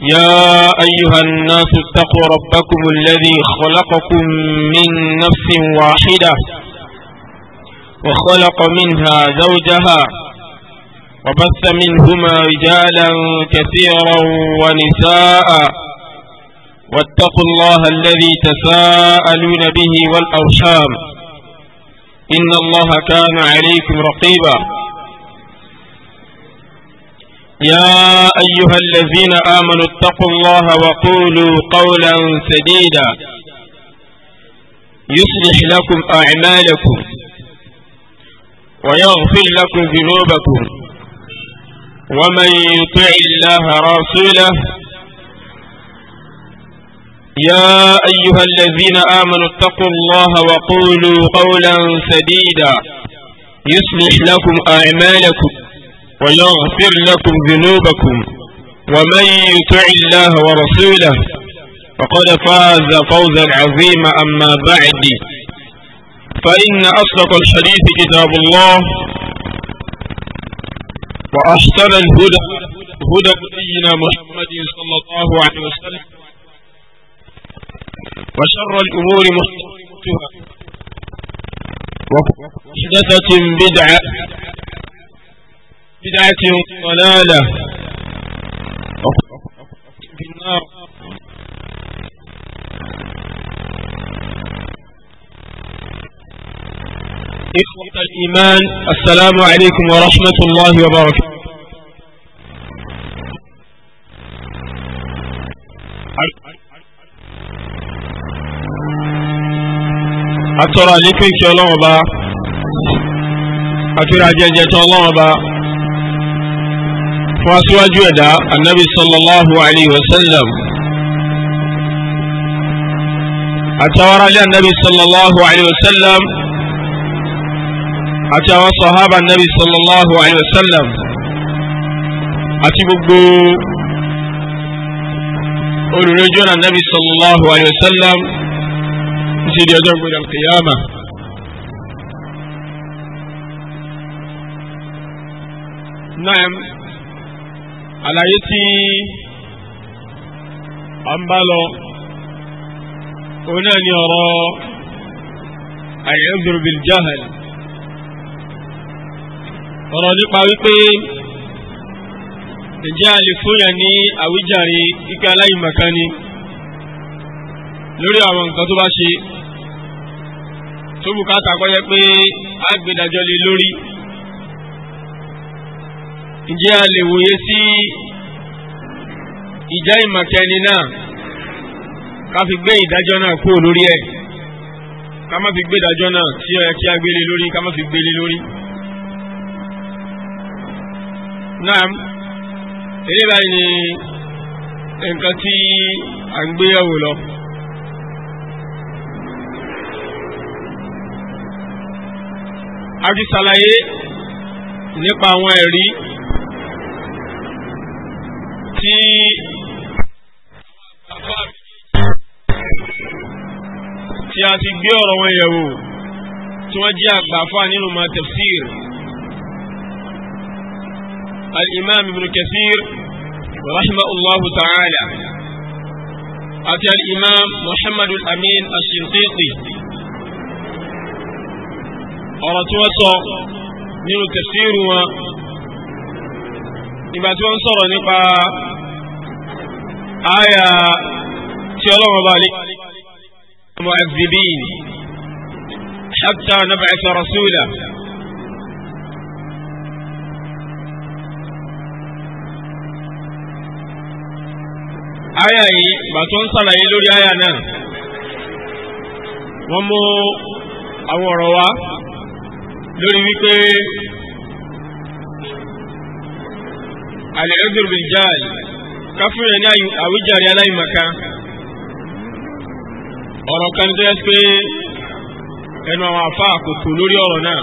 يا أيها الناس اتقوا ربكم الذي خلقكم من نفس واحدة وخلق منها زوجها وبث منهما رجالا كثيرا ونساء واتقوا الله الذي تساءلون به والأرشام إن الله كان عليكم رقيبا يا أيها الذين آمنوا اتقوا الله وقولوا قولا سديدا يصلح لكم أعمالكم ويغفر لكم ذنوبكم ومن يطع الله رسوله يا أيها الذين آمنوا اتقوا الله وقولوا قولا سديدا يصلح لكم أعمالكم ويغفر لكم ذنوبكم ومن يطع الله ورسوله فقد فاز فوزا عظيما أما بعد فإن أصدق الحديث كتاب الله وأحسن الهدى هدى نبينا محمد صلى الله عليه وسلم وشر الأمور محدثاتها ومحدثة بدعة بدعة ضلالة في النار إخوة الإيمان السلام عليكم ورحمة الله وبركاته atọ́ra ní kéèkì ọlọ́run ọba àfihàn jẹjẹ tán ọlọ́run ọba فاسواجو دا النبي صلى الله عليه وسلم اتورا النبي صلى الله عليه وسلم اتوا صحابة النبي صلى الله عليه وسلم اتبقوا قولوا رجونا النبي صلى الله عليه وسلم سيدي يدعو إلى القيامة نعم àlàyé tí a ń bá lọ òun náà ni ọ̀rọ̀ àìyẹ́dùrú bil jahal ọ̀rọ̀ nípa wípé ǹjẹ́ a lè fúnyà ní àwíjàre ike aláìmọ̀kan ni lórí àwọn nǹkan tó bá ṣe tó bùkátà kọ́ yẹ pé a gbèdájọ́ lórí ǹjẹ́ a lè wòye sí ìjà ìmọ̀kẹni náà ká fi gbé ìdájọ́ náà kúrò lórí ẹ̀ ká má fi gbé ìdájọ́ náà tí ó yẹ kí a gbélé lórí ká má fi gbélé lórí. naam eré báyìí ni nǹkan tí à ń gbéyàwó lọ. a ti ṣàlàyé nípa àwọn ẹ̀rí tí tí a ti gbé ọ̀rọ̀ wọn yẹ̀wò tí wọ́n jẹ́ àgbàfà nínú ma tafsir al-imam ibn kathir rahimahullah ta'ala àti al-imam muhammad al-amin al-shinqiti ọ̀rọ̀ tí wọ́n sọ nínú tafsir wọn ìgbà tí wọ́n sọ̀rọ̀ nípa آية سلام ذلك معذبين حتى نبعث رسولا آية ما صلى إلو لآية ومو أو روا لوري العذر بالجاهل káfíń rẹ̀ ní àwíjàre aláìmọ̀ká ọ̀rọ̀ kan tó yẹ pé ẹnu àwọn àfa àkókò lórí ọ̀rọ̀ náà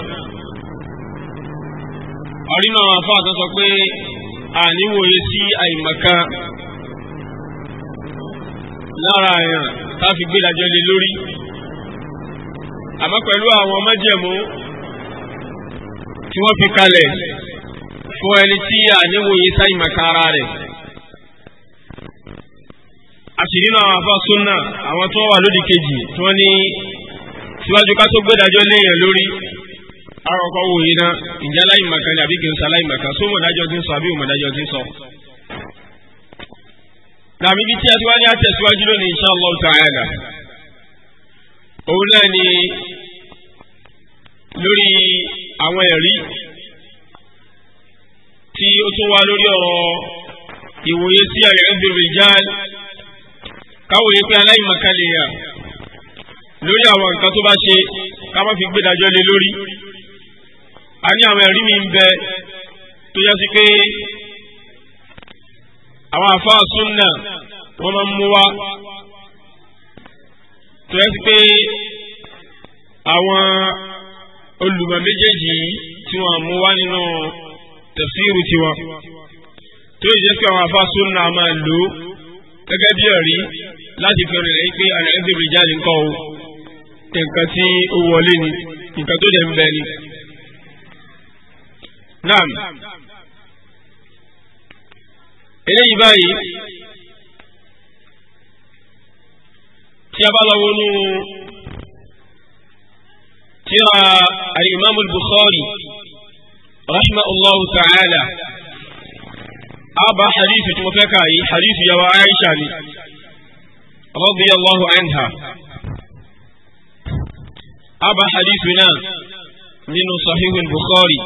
ọ̀rínà àwọn àfa àtọ́ sọ pé àníwòye sí àìmọ̀ká lára àyàn táfi gbédájọ́ lé lórí àmọ́ pẹ̀lú àwọn májẹ̀mú tí wọ́n fi kalẹ̀ fún ẹni tí àníwòye sáyìn ara rẹ̀ àti nínú àwọn afá súnà àwọn tó wà lódì kejì tí wọ́n ní síwájú ká tó gbẹ́dájọ́ léèyàn lórí àkọ́kọ́ wò yìí ná ìjà aláìmọ̀kan ni àbí kì í sọ aláìmọ̀kan só mọ̀dájọ́ ti ń sọ àbí mọ̀dájọ́ ti ń sọ. Tàbí bí tí a ti wá ní àtẹ̀síwájú lónìí insha Allah ta'ala. Òun náà ni lórí àwọn ẹ̀rí tí ó tún wá lórí ọ̀rọ̀ ìwòye sí àyẹ̀wò bíi rìjáàlì káwò yìí pé aláìmọ̀kálẹ̀ yà lórí àwọn nǹkan tó bá ṣe ká má fi gbédájọ́ lé lórí a ní àwọn ẹ̀rí mi ń bẹ tó yẹ sí pé àwọn àfáà súnà wọ́n máa ń mú wá tó yẹ sí pé àwọn olùmọ̀ méjèèjì tí wọ́n mú wá nínú tafsiru tiwọn tó yẹ sí pé àwọn àfáà súnà máa lò gẹ́gẹ́ bí ẹ̀rí láti fi rìnrìn pé àrẹ ẹ̀dẹ̀bìrì jáde nǹkan o nǹkan tí ó wọlé ni nǹkan tó dẹ̀ ń bẹ ni. naam eléyìí báyìí tí a bá lọ wọnú tíra al-Imam al-Bukhari rahimahullahu ta'ala a bá hadithu tí mo fẹ́ kà hadithu yawa Aisha ni radiyallahu anha aba hadithu náà nínú sahihu bukhari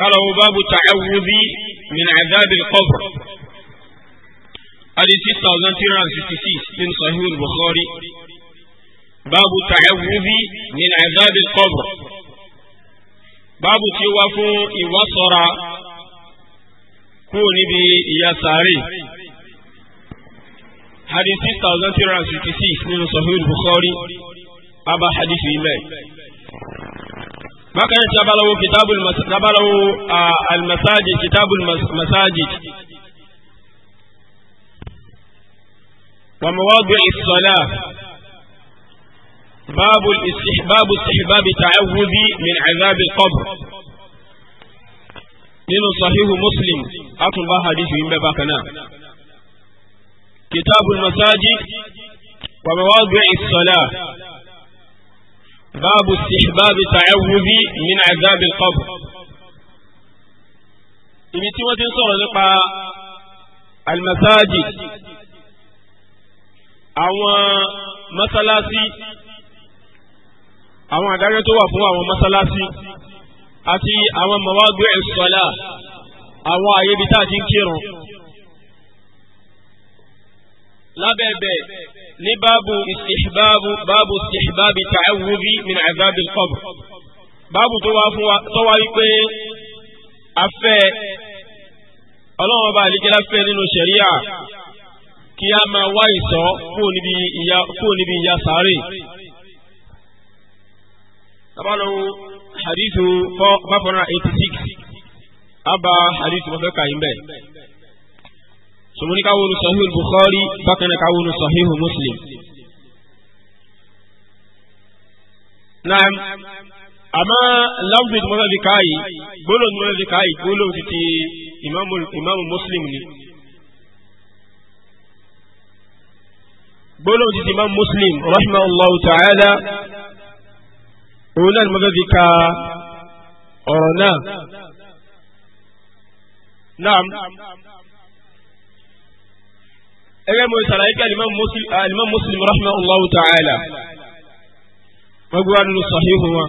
kalawo babu ta'awudhi min adhabil qabr adi six thousand three hundred sixty six nínú sahihu bukhari babu ta'awudhi min adhabil qabr báàbù tí ó wá fún ìwásọ́ra kúrò níbi ìyà sàárè hadith six thousand three hundred and fifty six nínú Sahih Bukhari abá hadith yìí mẹ́rin. bákan náà tí a bá lọ́wọ́ kitabul tabalawo almasajid kitabul masajid. ومواضع الصلاة باب الاستحباب استحباب تعوذ من عذاب القبر nínú sahihu muslim a tún bá hadithu yìí bẹ́ẹ̀ bákan náà كتاب المساجد ومواضع الصلاة باب استحباب التعوذ من عذاب القبر ibi tí wọ́n ti ń sọ̀rọ̀ nípa almasajid àwọn masalasi àwọn àdájọ́ tó wà fún àwọn masalasi àti àwọn mawadu as-salah àwọn àyèbí tá a ti ń kírun lábẹ́bẹ̀ ní báàbù istihbabu báàbù istihbabi ta'awudhi min azabi al-qabr báàbù tó wá fún wa tó wá wípé afẹ́ ọlọ́run ọba àlíkẹ́lá fẹ́ nínú ṣẹ̀ríà kí a máa wá ìsọ́ kúrò níbi ìyà sáré. tabalahu hadithu 486 abba hadithu mọ́fẹ́ kàyín bẹ́ẹ̀ sọmọ ní ká wọnú sahih bukhari bákan náà ká wọnú sahih muslim. naam àmọ́ láwùjọ tí mo fẹ́ fi ká yìí gbólóhùn tí mo fẹ́ fi ká yìí gbólóhùn ti ti ìmáàmù muslim ni. gbólóhùn ti ti muslim rahimahullahu ta'ala òun náà ni mo fẹ́ fi ká ọ̀rọ̀ náà. naam. ẹgbẹ́ mo ṣàlàyé pé alimam muslim rahimahullahu ta'ala wọ́n gbé wa nínú sahihu wọn.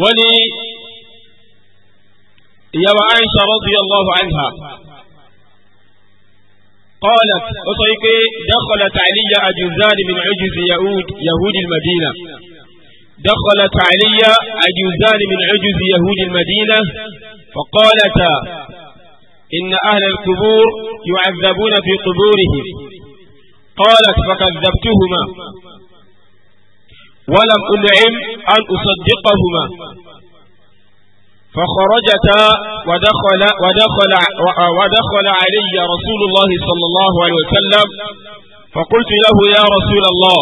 wọ́n ní ìyàwó aisha radiyallahu anha قالت وصيك دخلت علي عجوزان من عجوز يهود يهود المدينة دخلت علي عجوزان من عجوز يهود المدينة فقالتا إن أهل القبور يعذبون في قبورهم قالت فكذبتهما ولم أنعم أن أصدقهما فخرجتا ودخل, ودخل, ودخل علي رسول الله صلى الله عليه وسلم فقلت له يا رسول الله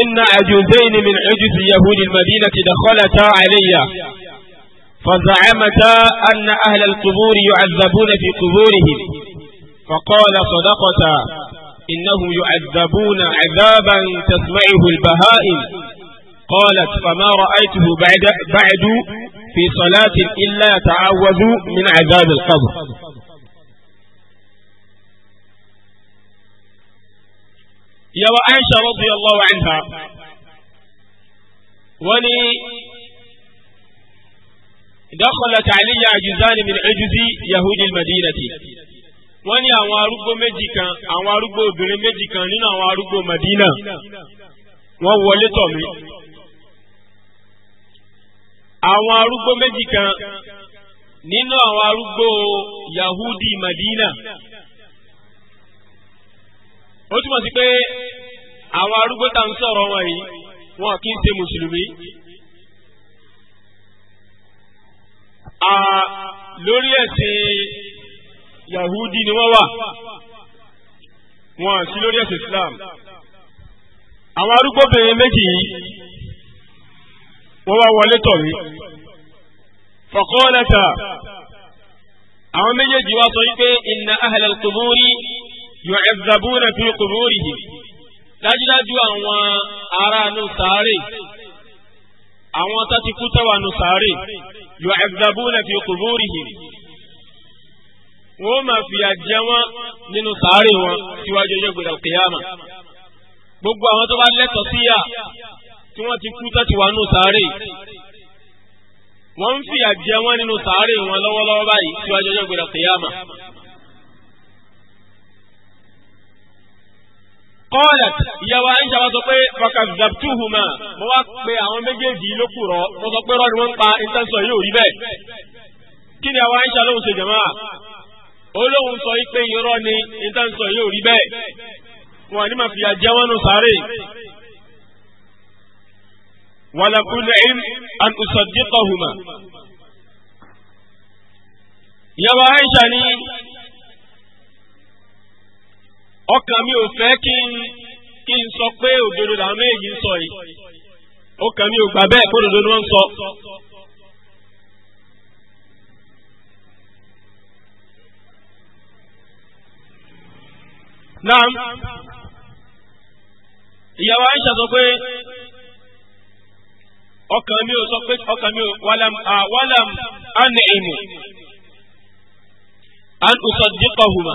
إن عجوزين من عجز يهود المدينة دخلتا علي فزعمتا أن أهل القبور يعذبون في قبورهم فقال صدقتا إنهم يعذبون عذابا تسمعه البهائم قالت فما رأيته بعد, بعد في صلاة إلا يتعوذ من عذاب القبر يا وعيشة رضي الله عنها ولي دخلت علي عجزان من عجز يهود المدينة wọ́n ní àwọn arúgbó méjì kan àwọn arúgbó obìnrin méjì kan Madina àwọn arúgbó méjì kan nínú àwọn arúgbó Yahudi Madina ó túmọ̀ sí pé àwọn arúgbó tá à ń sọ̀rọ̀ wọn yìí wọn kì í lórí ẹ̀sìn Yahudi ni wọ́n wà wọn sí lórí ẹ̀sìn Islam àwọn arúgbóbìnrin méjì yìí wọ́n wá wọlé tọ̀ mí faqalata àwọn méjèèjì wá sọ wípé inna ahlal quburi yu'azzabuna fi quburihim dájúdájú àwọn ará nù sáré àwọn tá ti kú tẹ́wà nù sáré yu'azzabuna في quburihim wọ́n máa fìyà jẹ wọ́n nínú sàárè wọn síwájú ọjọ́ gbọdọ̀ kìyàmà gbogbo àwọn tó bá lẹ́tọ̀ọ́ sí yà tí wọ́n ti kú tàti wà nù sàárè wọ́n ń fìyà jẹ wọ́n nínú sàárè wọn lọ́wọ́lọ́wọ́ báyìí síwájú ọjọ́ gbọdọ̀ kìyàmà قالت يا àyíṣà wa sọ pé fakazabtuhuma mo wá pé àwọn méjèèjì ló kù rọ mo sọ pé rọ́ọ̀dù wọn ń pa ìtẹ́sọ̀ yóò rí bẹ́ẹ̀ kí ni àwọn àyíṣà lóhùn ṣe jàmá olóhùn sọ pé irọ́ ni ìtẹ́sọ̀ yóò rí bẹ́ẹ̀ wọn ni màá fi àjẹ́ wọn nù sáré. wala kun'im an usaddiqahuma ìyàwó àyíṣà ọkàn mi ò fẹ́ kí n kí n sọ pé òdodo làwọn méjì ń sọ yìí ọkàn mi ò gbà bẹ́ẹ̀ kó òdodo ni wọ́n ń sọ. naam ìyàwó Aisha sọ pé ọkàn mi ò sọ pé ọkàn mi ò wàlám àwàlám ànìmù ànùsọ̀dìkọ̀hùmá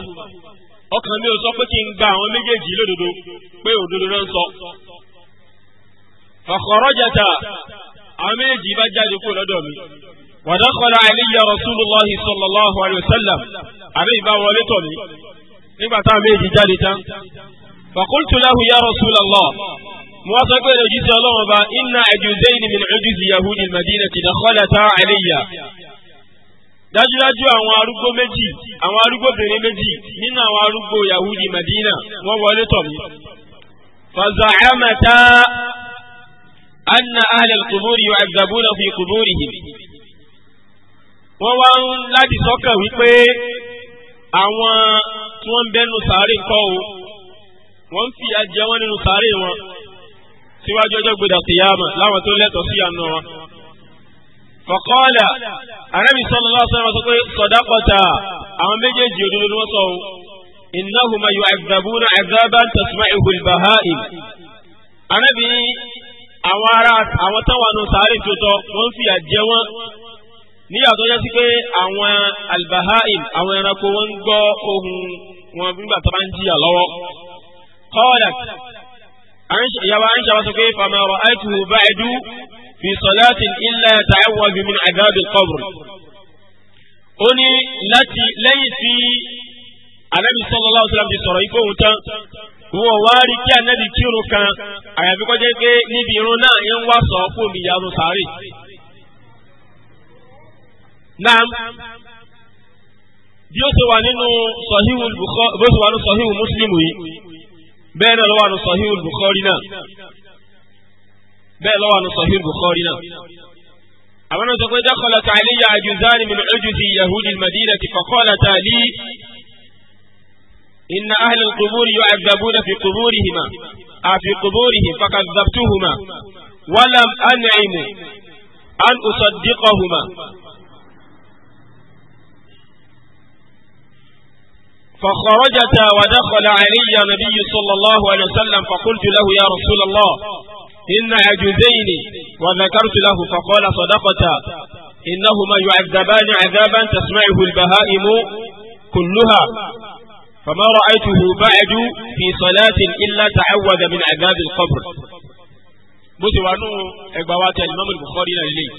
ọkàn mi ò sọ pé kí n gba àwọn méjèèjì lódodo pé òdodo náà ń sọ. fàkọ̀rọ̀jàtà àwọn méjèèjì bá jáde kúrò lọ́dọ̀ mi. wàdàkọ̀lá àìníyà rasulillah sallallahu alayhi wa sallam àbí ìbá wọlé tọ̀ mí nígbà táwọn méjèèjì jáde tán. fàkúntù láhu ya rasulallah mo wá sọ pé ìròyìn sí ọlọ́wọ́n bá iná ẹ̀jú zayn min ẹ̀jú yahudi madina ti dàkọ́lá tá àìníyà dájúdájú àwọn arúgbó méjì àwọn arúgbóbìnrin méjì nínú àwọn arúgbó yahudi madina wọ́n wọlé tọ̀ mí. faza'amata anna ahlal quburi yu'azzabuna fi quburihim. wọ́n wá ń láti sọ́kàn wípé àwọn tí wọ́n ń bẹ́nu sàárè ńkọ́ o wọ́n ń fìyà jẹ wọ́n nínú sàárè wọn síwájú ọjọ́ gbọdọ̀ kíyámà láwọn tó lẹ́tọ̀ọ́ sí àná wọn fọ̀kọ́ọ̀lá arábì sọ́nà lọ́sọ̀rọ̀ wọn sọ pé sọ̀dákọ̀tà àwọn méjèèjì òdodo ni wọ́n sọ ohun innahuma yu'adhabuna 'adhaban tasma'uhu al-baha'im arábì àwọn ará àwọn táwọn àna sàárè tuntun wọ́n fi àjẹ wọn níyà tó yẹ sí pé àwọn al-baha'im àwọn ẹranko wọn gbọ́ ohùn wọn nígbà tó bá ń jìyà lọ́wọ́ kọ́ọ̀lá ìyàwó àyíṣà wọn sọ pé fama ra'aytuhu ba'du fi sọláàtì ilẹ̀ tàẹ́wọ̀ bí min àdáàbì kọ́bùrù. ó ní láti lẹ́yìn tí anábì sallallahu alaihi wasallam ti sọ̀rọ̀ ipò òun tán wọn wá rí kí anábì kírun kan àyàfi kọjá pé níbi irun náà ń wá sọ kó mi yanu sáré. naam bí ó ṣe wà nínú sọ̀híhù bó ṣe wà nínú sọ̀híhù Muslim bẹ́ẹ̀ náà ló wà nínú sọ̀híhù Bukhari náà. بيلا وانا صحيح نعم أما تقول دخلت علي عجزان من عجز يهود المدينة فقالت لي إن أهل القبور يعذبون في قبورهما في قبورهم فكذبتهما ولم أنعم أن أصدقهما فخرجت ودخل علي النبي صلى الله عليه وسلم فقلت له يا رسول الله إن عجوزين وذكرت له فقال صدقتا إنهما يعذبان عذابا تسمعه البهائم كلها فما رأيته بعد في صلاة إلا تعوذ من عذاب القبر بوتوانو إقباوات الإمام البخاري لليه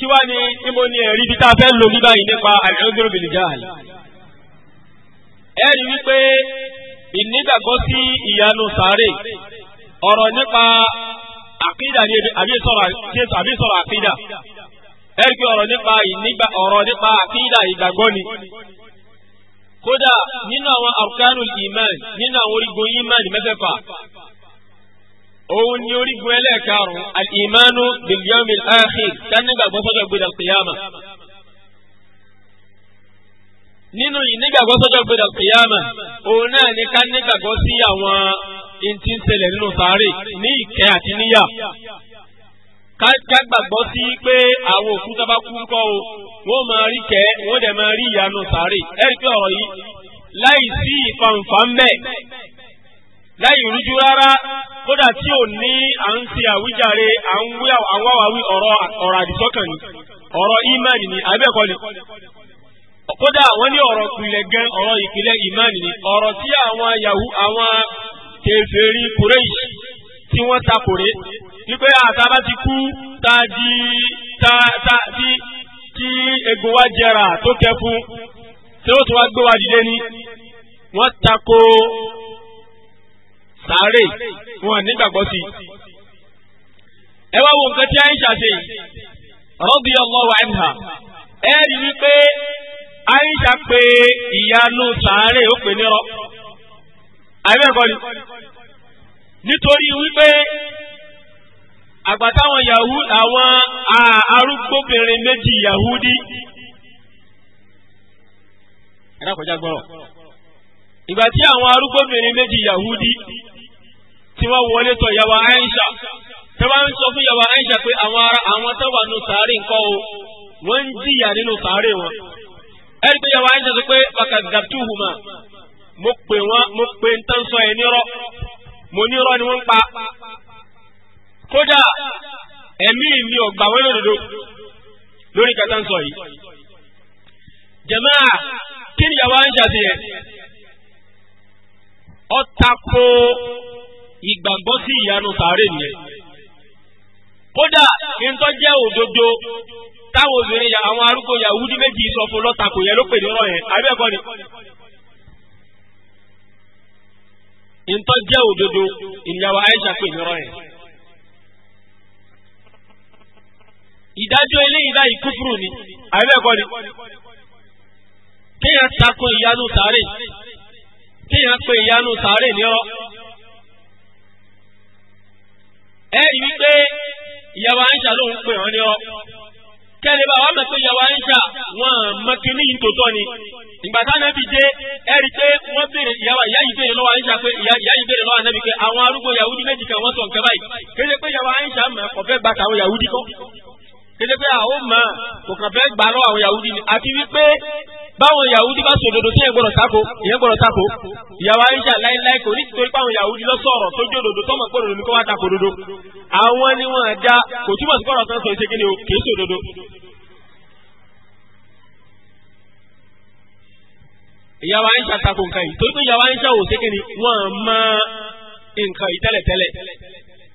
kí wá ní ìmọ̀ ní ẹ̀rí bí tá báyìí nípa àìrọ́dúró bìlì ẹ rí wípé ìnígbàgbọ́ sí ìyanu sáré ọ̀rọ̀ nípa àkídà ni àbí sọ̀rọ̀ àkídà ẹ̀rí ọ̀rọ̀ nípa ìnígbà ọ̀rọ̀ nípa àkídà ìgbàgbọ́ ni kódà nínú àwọn arkanul iman nínú àwọn orígun iman mẹ́fẹ̀fà òun ni orígun ẹlẹ́ẹ̀karùn-ún al-imanu bil yawmil akhir dánígbàgbọ́ sọ́jọ́ gbọdọ̀ kìyàmà nínú ìnígbàgbọ́ sọ́jọ́ gbọdọ̀ kìyàmà òun náà ni ká nígbàgbọ́ sí àwọn ní ti ń ṣẹlẹ̀ nínú sàárè ní ìkẹ́ àti níyà ká gbàgbọ́ sí pé àwọn òkú tó bá kú ń kọ́ o wọ́n máa rí kẹ́ wọ́n dẹ̀ máa rí ìyanu sàárè ẹ̀rí pé ọ̀rọ̀ yìí láì sí ìfàǹfà ń bẹ̀ láì rújú rárá kódà tí ò ní à ń ṣe àwíjàre à ń wí àwọn àwáwí ọ̀rọ̀ ọ̀rọ̀ àdìsọ́kàn ni ọ̀rọ̀ ìmánì ni àbẹ́ẹ̀kọ́ ni kódà wọ́n ní ọ̀rọ̀ ìpìlẹ̀ gan ọ̀rọ̀ ìpìlẹ̀ ìmánì ni ọ̀rọ̀ tí àwọn yahoo àwọn kèfèrí kureish, tí wọ́n takòrè wípé àtàbá ti kú tá a di tá a ti kí egun wa jẹrà tó kẹ fún tí ó tún wá gbé wa dìde ni wọ́n tako sáré wọn nígbàgbọ́ sí ẹ wá wo nǹkan tí Aisha ṣe radiyallahu anha ẹ rí i wípé Aisha pé ìyanu sáré ó pè nírọ́ àìbẹ́ẹ̀kọ́ ni nítorí wípé àgbà táwọn Yahudi àwọn arúgbóbìnrin méjì Yahudi ẹ̀rọ kọjá gbọ́rọ̀ ìgbà tí àwọn arúgbóbìnrin méjì Yahudi tí wọ́n wọlé tọ̀ yàwá Aisha tí wọ́n ń sọ fún yàwá Aisha pé àwọn ará àwọn tó wà nù sàárè nǹkan o wọ́n ń jìyà nínú sàárè wọn ẹ̀rí pé yàwá Aisha sọ pé bàkà mo pè wọ́n mo pè ń tán sọ ẹ̀ nírọ́ mo nírọ́ ni wọ́n pa kódà ẹ̀mí mi ò gbà wọ́n lódodo lórí kẹta ń sọ yìí jàmáà kí ni yàrá ń ṣàfihàn ó tako ìgbàgbọ́ sí ìyanu sàárè nìyẹn kódà kí n tọ́ jẹ́ òdodo táwọn obìnrin àwọn arúgbó Yahudi méjì sọ fún lọ́tàkùn yẹn ló pè ní ọ̀rọ̀ yẹn àbẹ́ẹ̀kọ́ ni. ntọ́ jẹ́ òdodo ìyàwó Aisha pè ní rọ́yìn. ìdájọ́ eléyìí báyìí kúfúrú ni àbẹ́ẹ̀kọ́ ni kéèyàn tako ìyanu sáré kéèyàn pe ìyanu sáré nírọ́. ẹ̀rí wípé ìyàwó Aisha ló ń pè wọ́n nírọ́ kẹ́lẹ́ bá wàá mọ̀ pé ìyàwó Aisha wọn mọ ni ìgbà tá ànábì dé ẹ rí i pé wọ́n béèrè ìyàwó ìyá yìí béèrè lọ́wọ́ Aisha pé ìyá yìí béèrè lọ́wọ́ ànábì pé àwọn arúgbó Yahudi méjì kan wọ́n sọ nǹkan báyìí kéde pé ìyàwó Aisha mọ̀ ọ̀fẹ́ bàtà àwọn Yahudi kọ́ kéde pé àwọn mọ kò kàn fẹ́ gbà lọ́wọ́ àwọn yahudi ni àti wípé báwọn yahudi bá sòdodo tí yẹn gbọ́dọ̀ tako ìyẹn gbọ́dọ̀ tako ìyàwó aisha láíláí kò ní torí pé àwọn yahudi lọ sọ̀rọ̀ tó jó dodo tọmọ pé dodo ni kó wá tako dodo àwọn ni wọn da kò túmọ̀ sí kọ́rọ̀ tán sọ ìṣe kíni o kì sòdodo. ìyàwó aisha tako nǹkan yìí torí pé ìyàwó aisha ò ṣe kíni wọn mọ nǹkan yìí tẹ́lẹ̀tẹ́lẹ̀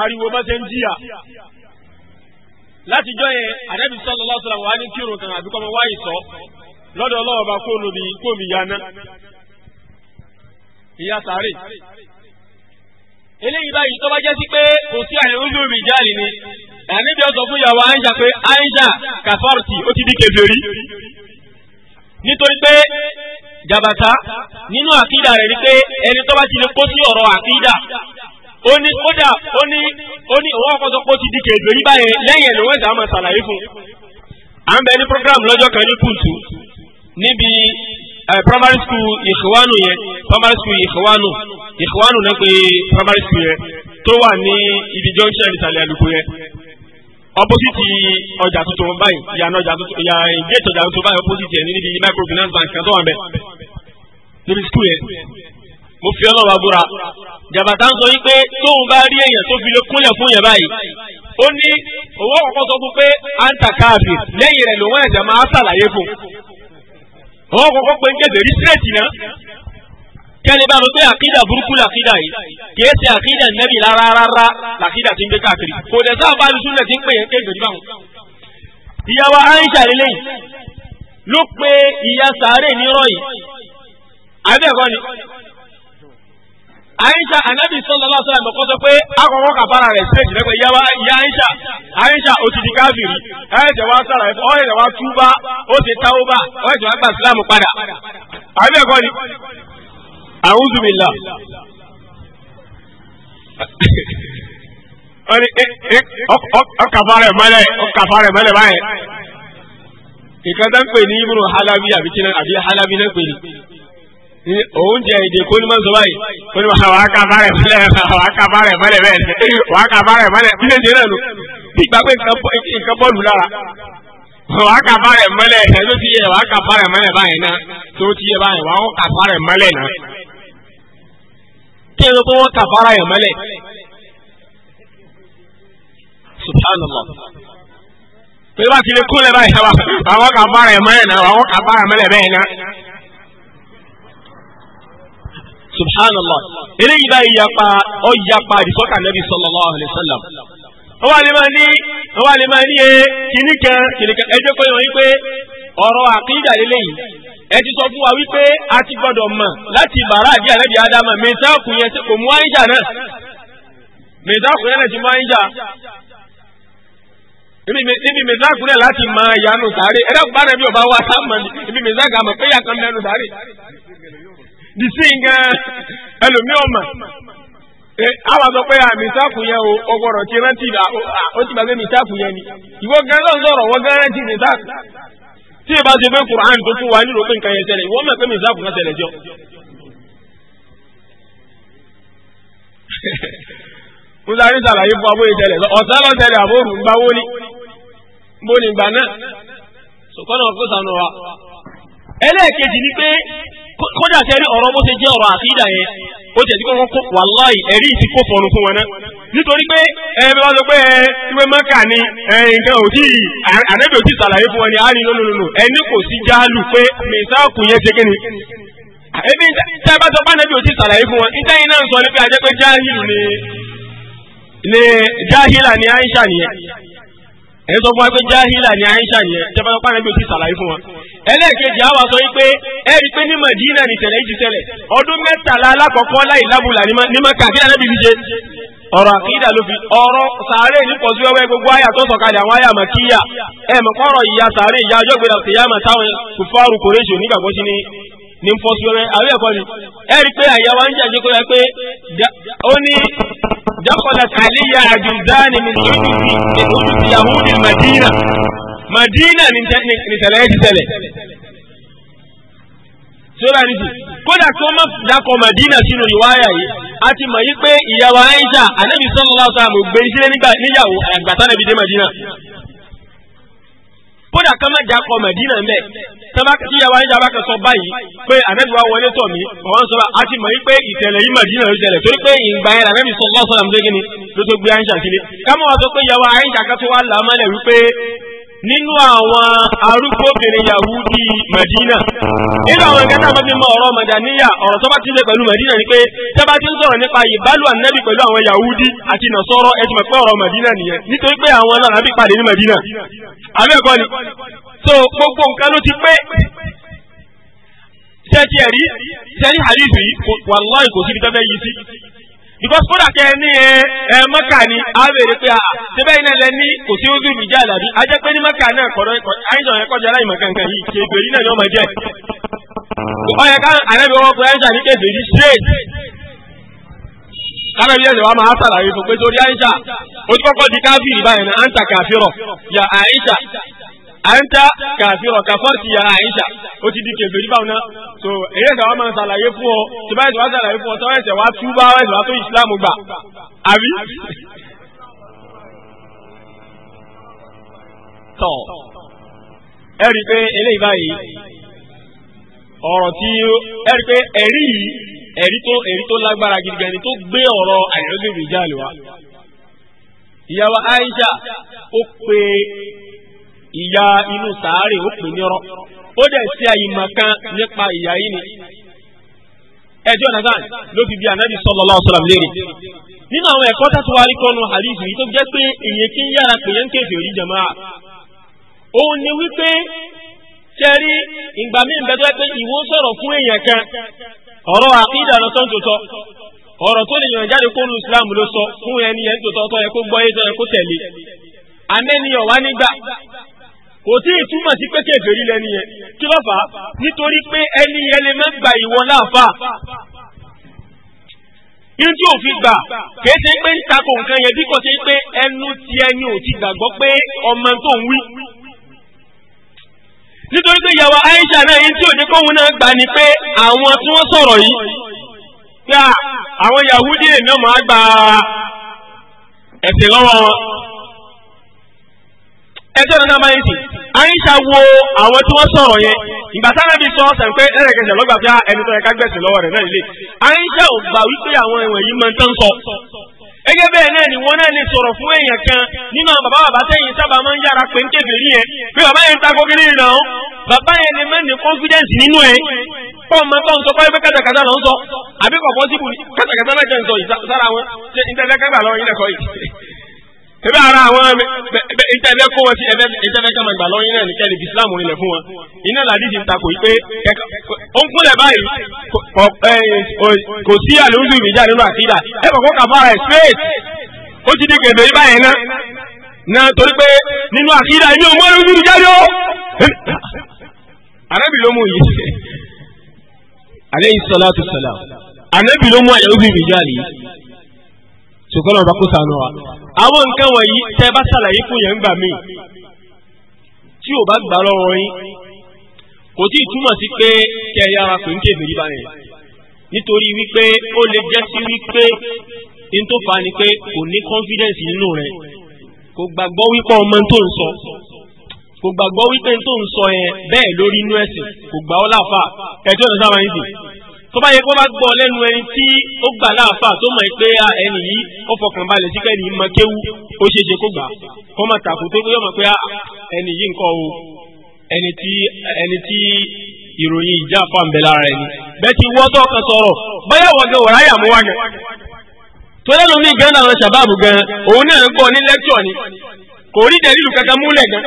ariwo bá ṣe ń jìyà látijọ́ yẹn ànábì sallallahu alaihi wasallam wà ní kírun kan àbíkọ́ ọmọ wáyé sọ lọ́dọ̀ ọlọ́wọ́ bá kóònù bí kóòmì yaná ìyá sáré eléyìí báyìí tó bá jẹ́ sí pé kò sí àìrújú rìjáàlì ni ànábì ó sọ fún ìyàwó Aisha pé Aisha kàfọ́ọ̀tì ó ti di kèfèrí nítorí pé jàbàtà nínú àkídà rẹ̀ ni pé ẹni tó bá ti lè kó sí ọ̀rọ̀ àkídà ó ní kódà ó ní ó ní òun ọkọ̀ sọ pé ó ti di kèdè rí báyẹn lẹ́yìn ẹ̀ ló wẹ́n ṣàlàyé fún un. à ń bẹ ní program lọ́jọ́ kan ní kùtù níbi primary school ìṣòwánù yẹn primary school ìṣòwánù ìṣòwánù náà pé primary school yẹn tó wà ní ibi junction ìsàlẹ̀ àdúgbò yẹn opposite ọjà tuntun báyìí ìyànà ọjà tuntun ìyà gate ọjà tuntun báyìí opposite ẹ̀ níbi microfinance bank kan tó wà ń bẹ níbi school yẹn mo fi ọlọ́wà búra jàbàtà ń sọ yí pé tóun bá rí èèyàn tó fi lè kúnlẹ̀ fún yẹn báyìí ó ní owó ọ̀kọ́ sọ fún pé à ń ta káàfì lẹ́yìn rẹ̀ lòun ẹ̀jẹ̀ máa ṣàlàyé fún owó ọ̀kọ́ pé ń kéde rí sírètì náà kẹ́lẹ́ bá mi pé àkídà burúkú làkídà yìí kìí ṣe àkídà nẹ́bì rárá làkídà ti ń gbé káàkiri kò dẹ̀ sáà bá lùsùn náà ti yẹn kéde báwọn. ìyàwó Aisha lélẹ́yìn ló pe ìyá sàárè nírọ̀ yìí àbẹ̀kọ́ ni àyíṣà ànábì sallallahu alaihi wasallam kọ́ sọ pé akọ̀kọ́ kàfàrà rẹ̀ sílẹ̀ pé ya àyíṣà àyíṣà ti di káfìrí ẹ̀ẹ́dẹ̀ wá sára ẹ̀fọ́ ọ̀ẹ́dẹ̀ wá túbá ó ti táwó bá ọ̀ẹ́dẹ̀ wá gbà sílámù padà. àbí ẹ̀kọ́ ni a'udhu billah. Eh, eh, ọkàfàrà ẹ̀ mọ́lẹ̀ ọkàfàrà ẹ̀ mọ́lẹ̀ báyẹn. ìkàtà ń pè ní ibùdó halabi àbí òun jẹ èdè kó ní mọ́sọ̀ báyìí kó ní wàá wàá kaba rẹ̀ mọ́lẹ̀ wàá kaba rẹ̀ mọ́lẹ̀ bẹ́ẹ̀ wàá kaba rẹ̀ mọ́lẹ̀ bí lè dé náà lò bí ìgbà pé nǹkan bọ́ọ̀lù lára wàá kaba rẹ̀ mọ́lẹ̀ ẹ̀ ló ti yẹ wàá kaba rẹ̀ mọ́lẹ̀ báyìí náà tó ti yẹ báyìí wàá kaba rẹ̀ mọ́lẹ̀ náà kí ló wọ́n kaba rẹ̀ mọ́lẹ̀ subhanallah pé bá ti lè kó lẹ́ báyìí àwọn kaba rẹ̀ mọ́lẹ̀ náà àwọn kaba rẹ̀ mọ́lẹ̀ bẹ́ẹ̀ náà subhanallah eléyìí báyìí yapa ọ yapa ìsọ́kà nàbì sallallahu alayhi wa sallam ọwọ́ àlè máa ní ọwọ́ àlè máa ní ẹ kìíní kan kìíní kan ẹjọ́ pé wọ́n yí pé ọ̀rọ̀ àkídà lélẹ́yìn ẹ ti sọ fún wa wípé a ti gbọ́dọ̀ mọ̀ láti bàrá àdí àrẹ́bí ádámà mẹ́tàkù yẹn kò mú àyíjà náà mẹ́tàkù yẹn ti mú àyíjà ibi mẹ́tàkù yẹn láti mọ ìyanu sáré ẹ̀rọ bá rẹ̀ bí ọba wa sá mọ̀ ibi mẹ́tàkù àmọ̀ pé yàtọ̀ mẹ́nu sáré. disi nǹkan ẹlòmíì ọmọ e sọ pe àmì sáàkù yẹn o ọgbọ̀rọ̀ ti rántí o ti gbàgbé mi sáàkù yẹn ni ìwọ gan lọ sọ̀rọ̀ wọ́n gan rántí mi sáàkù wa nílò pé nǹkan yẹn ṣẹlẹ̀ mi sáàkù kan ṣẹlẹ̀ jọ. musa ní ni mo wa kódà tẹ́rí ọ̀rọ̀ bó ṣe jẹ́ ọ̀rọ̀ àkídà yẹn ó jẹ́ dípò wọn kó wàláì ẹ̀rí ti kó fọ̀nù fún wọn náà nítorí pé ẹ bí wọ́n sọ pé ẹ ìwé mọ́kà ni ẹ nǹkan ò tí ì ànábì ò tí ì ṣàlàyé fún wọn ni àárín lónìí ẹ ní kò sí jáàlù pé mìsáàkù yẹn ṣe kíni. ẹbí tẹ bá sọ pé ànábì ò tí ì ṣàlàyé fún wọn ìtẹ́yìn náà sọ ní pé àjẹpẹ́ jáàlù ni jáàhìlà ni àìṣà nìyẹn ẹ sọ fún wa pé jahila ni aisha yẹn jẹfọdọ pàrọ bí o ti ṣàlàyé fún wa ẹlẹ́ẹ̀kejì àwa sọ yìí pé ẹ rí i pé ní madina ni tẹ̀lé yìí ti ṣẹlẹ̀ ọdún mẹ́tàlá alákọ̀ọ́kọ́ láì lábùlà ní maka àkídà náà bìbí ṣe ọ̀rọ̀ àkídà ló fi ọ̀rọ̀ sàárè ní pọ̀jù ẹwẹ́ gbogbo àyà tó sọ̀kalẹ̀ àwọn àyà màkíyà ẹ̀ mọ̀kọ́rọ̀ ìyá sàárè ìyá ọjọ́ ní fọ́síwẹ́rẹ́ àwọn ẹ̀kọ́ ni ẹ rí i pé àyàwó ń jàdí kó yẹ pé ó ní dákọ̀lá kàlíyà àjùzáni mi lójú sí ètò ìyàwó ní Madina Madina ní tẹ̀lé ẹ̀ ti tẹ̀lé sọ́ra ní ti kódà kí wọ́n má dákọ̀ Madina sínú ìwáyà yìí a ti mọ̀ yí pé ìyàwó Aisha anabi sallallahu alaihi wasallam gbé níyàwó àgbàtà nàbìdé Madina kódà ká má dà kọ mẹ̀dínà mẹ́ sábà kí yàrá yín yàrá kan sọ báyìí pé ànábì wa wọlé tọ̀ mí ọ̀hún sọ a ti mọ̀ yí pé ìṣẹ̀lẹ̀ yìí mẹ̀dínà ló ṣẹlẹ̀ torí pé ìgbà yẹn ànábì sọ lọ́sọ̀rọ̀ àmì ló tó gbé àyíṣà sílé ká má wá pé yàrá àyíṣà kan tó wá là á wípé nínú àwọn arúgbóbìnrin yahudi madina nínú àwọn nǹkan tá a máa fi mọ ọ̀rọ̀ madaniya ọ̀rọ̀ tó bá ti ṣe pẹ̀lú madina ni pé tó bá ti ń sọ̀rọ̀ nípa ìbálò ànábì pẹ̀lú àwọn yahudi àti nàṣọ́rọ́ ẹ ti ọ̀rọ̀ madina nìyẹn nítorí pé àwọn náà lábí pàdé ní madina àbí ẹ̀kọ́ ni so gbogbo nǹkan ló ti pé ṣé ti ẹ̀rí ṣé ní hadith yìí wàláì kò síbi tó fẹ́ yìí sí because kódà kẹ ní ẹ ẹ mọ́kà ni a béèrè pé a síbẹ̀ iná lẹ ní kò sí ojú ìjà àlàbí a jẹ́ pé ní mọ́kà náà kọ̀dọ̀ àyíjọ yẹn kọjá láì mọ̀kàn kan yìí ṣe ìbèrè náà ni wọ́n máa jẹ́ ọyẹ ká àrẹ́bí wọn fún àyíjà ní kébèrè straight kárẹ́bí ẹ̀sẹ̀ wa máa sàlàyé fún pé torí àyíjà ó ti kọ́kọ́ di káfíìrì báyìí náà so èyí ẹ̀sẹ̀ wa máa ṣàlàyé fún ọ tí bá ẹ̀sẹ̀ wa ṣàlàyé fún ọ tọ́ ẹ̀sẹ̀ wa túbá ẹ̀sẹ̀ wa tó ìsìlámù gbà àbí. tọ ẹ rí i pé eléyìí báyìí ọ̀rọ̀ tí ẹ rí i pé ẹ̀rí yìí ẹ̀rí tó ẹ̀rí tó lágbára gidi gan ni tó gbé ọ̀rọ̀ àìrọ́lẹ̀ rìjáàlì wa. ìyàwó Aisha ó pe ìyá inú sàárè ó pè ní ọ̀rọ̀. o dẹ̀ ṣe àyìnmọ̀ kan nípa ìyá yìí ni ẹjọ́ nàzán ló fi bí anabi sallallahu alaihi wasallam léèrè nínú àwọn ẹ̀kọ́ tá a ti wá rí yìí tó jẹ́ pé kí jamaa òun ni wípé ìgbà míì bẹ́ẹ̀ tó yẹ pé ìwọ sọ̀rọ̀ fún èèyàn kan ọ̀rọ̀ àkídà tó ọ̀rọ̀ tó Islam ló sọ fún ẹni yẹn yẹ kó gbọ́ yé tó yẹ kó kò tí ì túmọ̀ sí pé kèfèrí lẹ́ni yẹn kí ló fà á nítorí pé ẹni yẹn lè má gba ìwọ láàfà yíjú òfin gbà kìí ṣe pé ń takò nǹkan yẹn bí kò ṣe pé ẹnu ti ẹni ò ti gbàgbọ́ pé ọmọ tó ń wí nítorí pé ìyàwó Aisha náà yín tí òde kóhun náà gbà ní pé àwọn tí wọ́n sọ̀rọ̀ yìí pé àwọn Yahudi èmi ọmọ á gba ẹ̀sìn lọ́wọ́ wọn ẹjọ́ náà máa ń sìn àyíṣà wo àwọn tí wọ́n sọ̀rọ̀ yẹn ìgbà sálábì sọ ọ̀sẹ̀ pé ẹ̀rẹ̀kẹsẹ̀ lọ́gbà pé ah, ẹni tó yẹ ká gbẹ̀sẹ̀ lọ́wọ́ rẹ̀ náà lè àyíṣà ò gbà wípé àwọn ẹ̀wọ̀n yìí máa ń tán sọ. gẹ́gẹ́ bẹ́ẹ̀ náà ni wọ́n náà lè sọ̀rọ̀ fún èèyàn kan nínú àwọn bàbá bàbá sẹ́yìn sábà máa ń yára pé ń kébè rí yẹn pé bàbá yẹn ń ta kókiri náà bàbá yẹn lè má ní confidence nínú ẹ pọ́ ọmọ tó ń sọ pé kátàkátà lọ ń sọ àbí kọ̀ọ̀kan síbù kátàkátà náà jẹ́ ń sọ ìsára wọn ṣe ìtẹ́lẹ́kẹ́gbà lọ́wọ́ yìí lẹ́kọ̀ọ́ yìí ebi ara àwọn ìtẹ̀lẹ́ kó wọn sí ìtẹ̀lẹ́ kama gbà lọ́yìn náà nìkẹ́ ni islam nílẹ̀ fún wọn iná làdí ti ń takò yìí pé ó ń kúnlẹ̀ báyìí kò sí àlùzù ìjà nínú àkídà ẹ kọ̀kọ́ kàfàrà ẹ̀ straight ó ti di kèbè báyìí náà náà torí pé nínú àkídà èmi ò mọ àlùzù ìjà ni ó. arábì ló mú yìí alayhi salatu salam anábì ló mú àlùzù ìjà nìyí sòkòlò ọba kó sànù wa. àwọn nǹkan wọ̀nyí tẹ́ bá ṣàlàyé fún yẹn ńgbà míì tí ò bá gbà lọ́rọ̀ yín kò tí ì túmọ̀ sí pé kẹ́ ẹ yára pè ń kéde yí báyẹn nítorí wípé ó lè jẹ́ sí wípé n tó fa ni pé kò ní confidence nínú rẹ̀ kò gbàgbọ́ wípé ọmọ tó ń sọ kò gbàgbọ́ wípé tó ń sọ yẹn bẹ́ẹ̀ lórí inú ẹ̀sìn kò gbà ọ́ láfa ẹjọ́ ìdásáwá yìí dì tó bá yẹ kó bá gbọ́ lẹ́nu ẹni tí ó gbà láàfà tó mọ̀ pé ah, ẹni yìí ó fọkàn balẹ̀ sí kẹ́ni mọ kéwú ó ṣeé ṣe kó gbà kó má tàkù tó yọ mọ̀ pé ah, ẹni yìí nǹkan o ẹni tí ẹni tí ìròyìn ìjà fà ń bẹ lára ẹni bẹ́ẹ̀ ti wọ́ tó ọkàn sọ̀rọ̀ báyà wọ́n gan wọ̀ráyà mú wá tó lẹ́nu mi gan ṣàbáàbù gan òun náà gbọ́ ní lẹ́kṣọ̀ ni kò rí dẹ̀lílù kankan múlẹ̀ gan.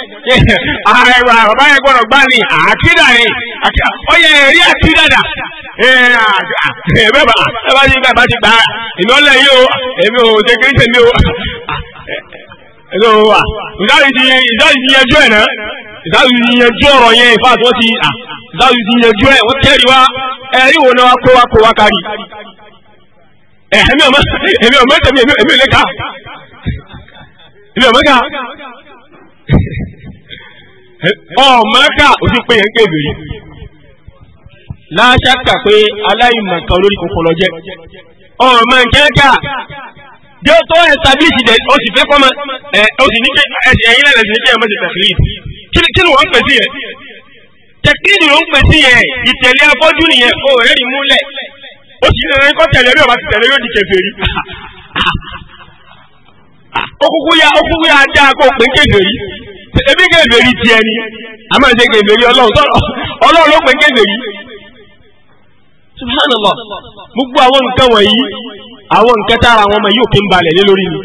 ààrẹ wa bàbá yẹn gbọ́dọ̀ gbá ni àkídà ni ó yẹ rí àkídà dà. bẹ́ẹ̀ bá ti gbà bá ti gbà ìlọ́lẹ̀ yìí o èmi ò ṣe kiri tèmi o. ìdáhùn ti yanjú ẹ̀ náà ìdáhùn ti yanjú ọ̀rọ̀ yẹn ìfà tó ti ìdáhùn ti yanjú ẹ̀ wọ́n tẹ́rì wá ẹ̀rí wo ni wọ́n kó wá kó wá kárí. ẹ̀mí ọmọ tẹ̀mí ẹ̀mí ò lè ká ibi ọ̀mẹ́ka ọ̀mẹ́ka ó ti pé yẹn kébè rí láṣàkà pé aláìmọ̀kan olórí kòkò lọ jẹ́ ọmọ nkẹ́kẹ́ bí ó tó ẹ̀sàbíìsì dẹ̀ ó sì fẹ́ kọ́ mọ́ ẹ̀ ó sì ní ẹ̀yìn lẹ́lẹ̀ sí ní kí ẹ̀ mọ́sẹ̀ tẹ̀kìlì kí ni wọ́n ń pè sí yẹn tẹ̀kìlì ló ń pè sí yẹn ìtẹ̀lé afọ́jú nìyẹn ó rẹ́rìn múlẹ̀ ó sì lè rẹ́ kọ́ tẹ̀lé bí ọba ti tẹ̀lé yóò di kẹfẹ́ rí okúkú ya okúkú ya dá kó pé kébèrè ebi kébèrè tiẹ̀ ni a máa ṣe kébèrè ọlọ́run sọ̀rọ̀ ló pé kébèrè subhanallah gbogbo àwọn nǹkan wọ̀nyí àwọn nǹkan tára àwọn ọmọ yóò kí ń balẹ̀ lé lórí mi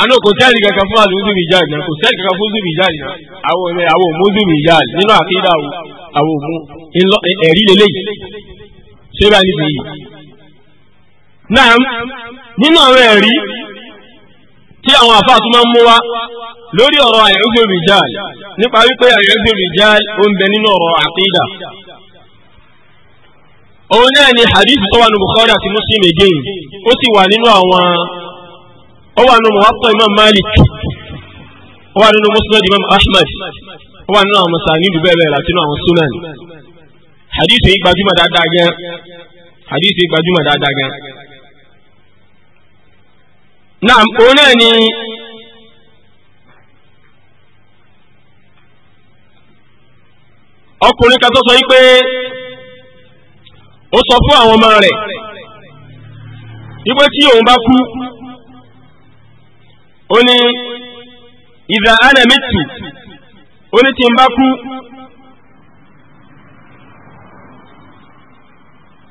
àná kò sẹ́ẹ̀lì kankan fún àdúgbò zubi jáde náà kò sẹ́ẹ̀lì kankan fún zubi jáde náà àwọn ọmọ àwọn òmù zubi jáde nínú àkídà àwọn òmù ẹ̀rí lélẹ́yìí ṣé bá níbi yìí. náà nínú àwọn ẹ̀rí tí àwọn àfa tó máa ń mú wa lórí ọ̀rọ̀ àyẹ̀wò rìjáàl nípa wípé àyẹ̀wò rìjáàl ó ń bẹ nínú ọ̀rọ̀ àkídà òun náà ni hadith tó wà ní Bukhari àti Muslim again ó sì wà nínú àwọn ó wà nínú Muwatta Imam Malik ó wà nínú Musnad Imam Ahmad ó wà nínú àwọn sanidu bẹ́ẹ̀ láti inú àwọn sunan hadith yìí gbajúmọ̀ dáadáa gan hadith yìí gbajúmọ̀ dáadáa gan náà òun náà ni ọkùnrin kan tó sọ yí pé ó sọ fún àwọn ọmọ rẹ̀ wípé tí òun bá kú ó ní ìdá ánàmìtì ó ní tí n bá kú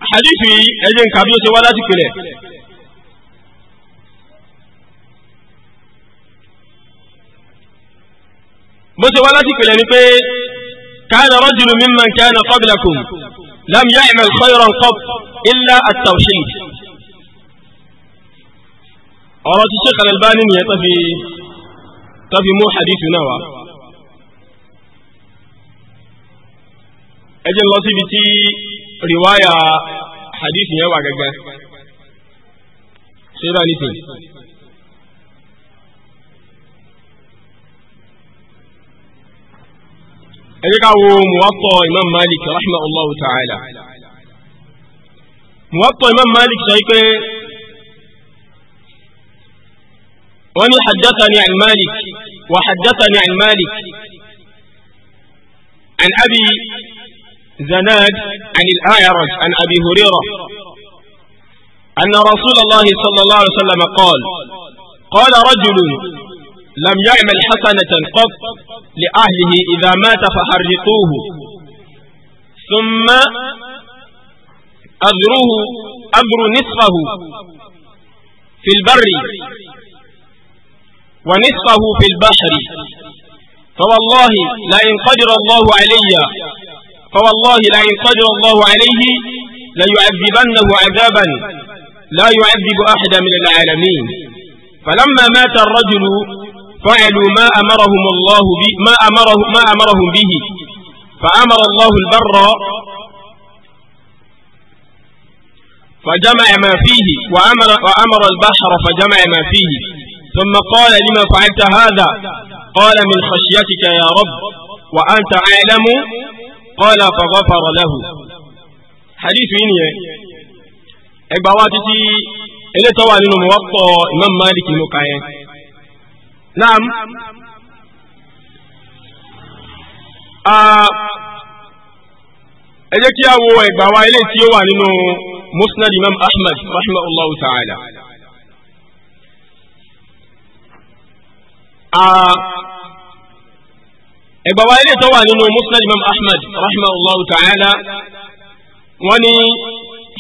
hadith yìí ẹjẹ nǹkan bí ó ṣe wá láti pèlè. bó ṣe wá láti pèlè ni pé káàna rajulun mimman káàna qablakum lam ya'mal khayran qat illa at-tawhid. ọ̀rọ̀ ti Sheikh Al-Albani nìyẹn tàbí tàbí mú hadith náà wá. ẹ lọ síbi tí riwaya hadith yẹn wà gẹ́gẹ́ ṣé bá nìkan. ابيك او موطا امام مالك رحمه الله تعالى موطا امام مالك شايك وني حدثني عن مالك وحدثني عن مالك عن ابي زناد عن الاعرج عن ابي هريره ان رسول الله صلى الله عليه وسلم قال قال رجل لم يعمل حسنه قط لأهله إذا مات فحرقوه ثم أذروه أذروا نصفه في البر ونصفه في البحر فوالله لئن قدر الله علي فوالله لئن قدر الله عليه ليعذبنه عذابا لا يعذب أحدا من العالمين فلما مات الرجل فعلوا ما أمرهم الله به ما أمره ما أمرهم به فأمر الله البر فجمع ما فيه وأمر وأمر البحر فجمع ما فيه ثم قال لما فعلت هذا قال من خشيتك يا رب وأنت أعلم قال فغفر له حديث إني إبواتي إلي توالين موطأ إمام مالك المقاين naam ẹ jẹ́ kí a wo ẹgbà wa ilé tí ó wà nínú musnad imam ahmad rahimahullahu ta'ala. ẹgbà wa ilé tó wà nínú musnad imam ahmad rahimahullahu ta'ala wọ́n ní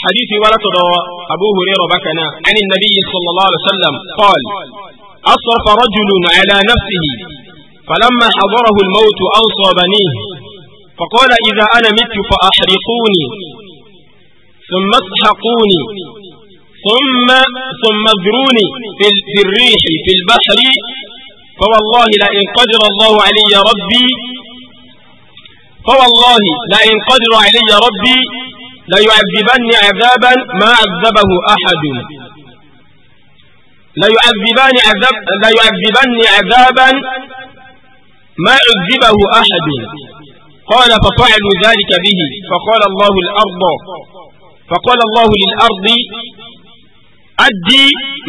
hadithi wa látọ̀dọ̀ abu hurairah bákan náà ani nabi sallallahu alaihi wa sallam qala. أصرف رجل على نفسه فلما حضره الموت أوصى بنيه فقال إذا أنا مت فأحرقوني ثم اسحقوني ثم ثم اذروني في, الريح في البحر فوالله لئن قدر الله علي ربي فوالله لئن قدر علي ربي ليعذبني عذابا ما عذبه أحد لا يعذبان عذاب لا يعذبني عذابا ما عذبه أحد قال ففعلوا ذلك به فقال الله الأرض فقال الله للأرض أدي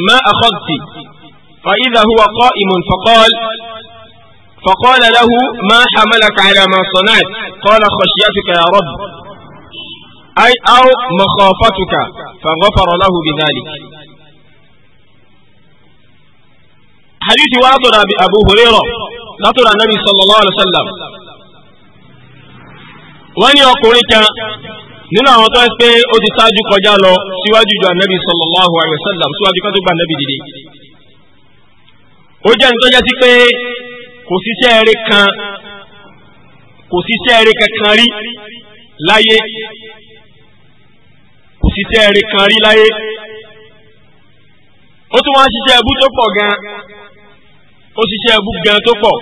ما أخذت فإذا هو قائم فقال فقال له ما حملك على ما صنعت قال خشيتك يا رب أي أو مخافتك فغفر له بذلك hadith wa látọ̀dọ̀ Abu Hurairah látọ̀dọ̀ anabi sallallahu alayhi wa sallam wọ́n ní ọkùnrin kan nínú àwọn tó ń pé ó ti ṣáájú kọjá lọ síwájú ìjọ anabi sallallahu alayhi wa sallam síwájú kan tó gba anabi dìde ó jẹ́ nítorí jẹ́ sí pé kò síṣẹ́ eré kan kò síṣẹ́ eré kankan rí láyé kò síṣẹ́ eré kan rí láyé ó tún wá ń ṣiṣẹ́ ẹbú tó pọ̀ gan-an ó ṣiṣẹ́ ẹbú gan tó pọ̀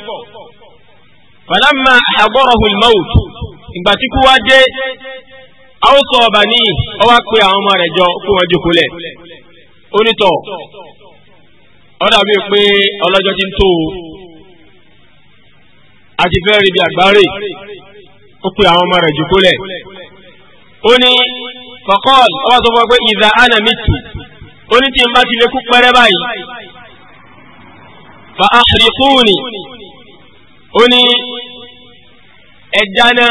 falamma àgbọ̀rọ̀hù al-mawt ìgbà tí kú wá dé àwòsọ ọba ní ọwá pé àwọn ọmọ rẹ̀ jọ kó wọn jókòó lẹ̀ onítọ̀ ọ̀dà bíi pé ọlọ́jọ́ ti ń tó o àti fẹ́ rí bí àgbáre ó pe àwọn ọmọ rẹ̀ jókòó lẹ̀ ó ní faqal ọba sọ fún ọ pé ìdá ánà mìtù ó ní ti lè kú pẹ́rẹ́ báyìí. فأحرقوني أني أجانا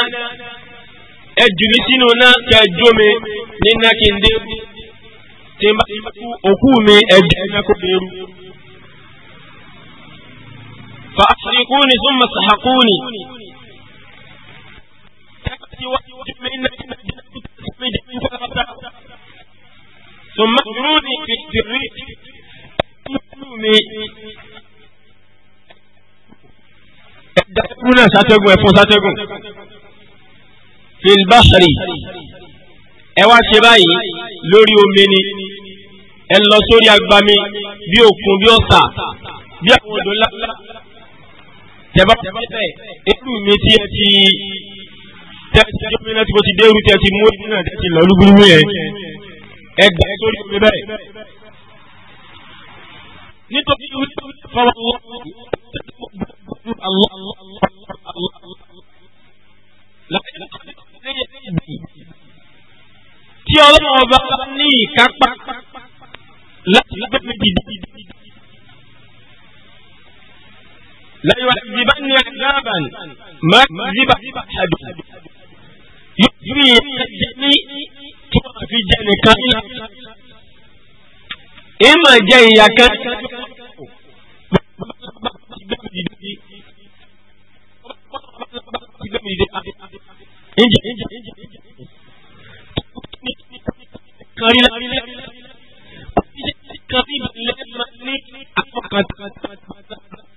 أجمسين هنا كجومي لنا كندي تنبا أكومي أجانا كبير فأحرقوني ثم سحقوني ثم اجروني في التريق ẹ̀dàkùn náà sátẹ́gùn ẹ̀fún sátẹ́gùn fil bahri ẹ wá ṣe báyìí lórí omi ni ẹ lọ sórí agbami bí òkun bí ọ̀sà bí àwọn odò ńlá tẹ̀bá tẹ̀bá èlú mi tí ẹ ti tẹ̀sí omi náà tí mo ti dé irú tí ẹ ti mú èlú náà tẹ̀sí lọ lúgbúrú yẹn ẹ gbà sórí omi bẹ́ẹ̀. nítorí wípé fọwọ́ الله tí ọlọ́run ọba ní ìkápá láti gbẹ́mí dìde. láyé wa ìdìbà ní àdáàbàn máa ìdìbà àdó. yóò fi ìyẹn ní tó máa fi jẹ nìkan ní àdó. ìmọ̀ jẹ ìyá kan gbé mi dé. Kan ní àkọ́kọ́.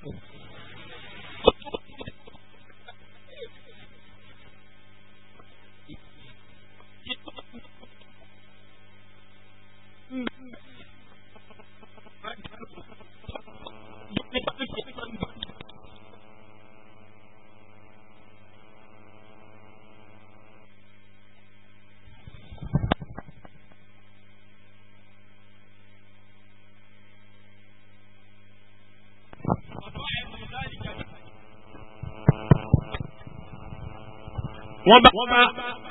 wọ́n bá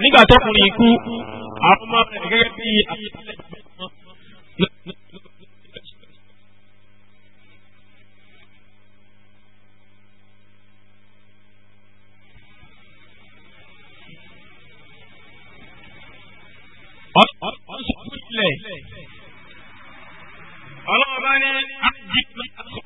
nígbà tọkùnrin ikú àwọn ọmọ rẹ̀ gẹ́gẹ́ bí àpẹẹrẹ ọ̀sùn ilẹ̀ ọlọ́ọ̀bá ní àjíkà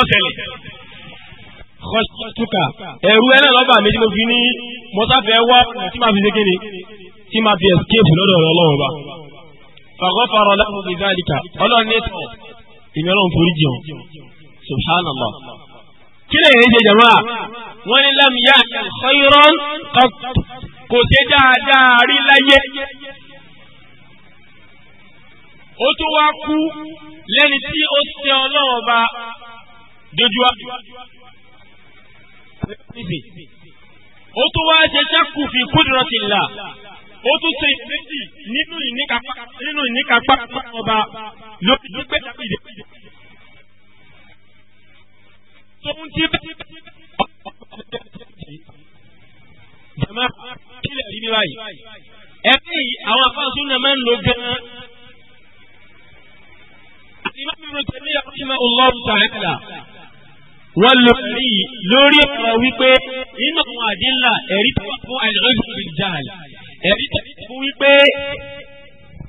yóò ṣẹlẹ̀. kọ́sítúkà ẹ̀rú ẹ̀ náà lọ́ba mo fi ní mọ́sáfẹ́ wá tí máa fi ṣe kí ni tí máa fi escape lọ́dọ̀ ọlọ́run ọba. fàkọ́fàrọ̀ láyé ó tún wá kú lẹ́ni tí ó ṣe ọlọ́run dojú ó tún wá ṣe ṣẹ́kù fi kudratillah ó tún ṣe ìrètí nínú ìníkapá nínú ìníkapá ọba lórí pípẹ́ ìdè. tóun ti bẹ́ẹ̀ jama kílẹ̀ rí ní báyìí ẹ̀fẹ́ yìí àwọn afáàsùn náà máa ń lo gan-an. àti ìmọ̀ mi rò tẹ̀lé ọ̀ṣun náà ọlọ́run tààlà wọ́n lò rí lórí ọ̀rọ̀ wípé nínú àwọn àdínlà ẹ̀rí tó wà fún àìlọ́jọ́ ìjàl ẹ̀rí tó fún wípé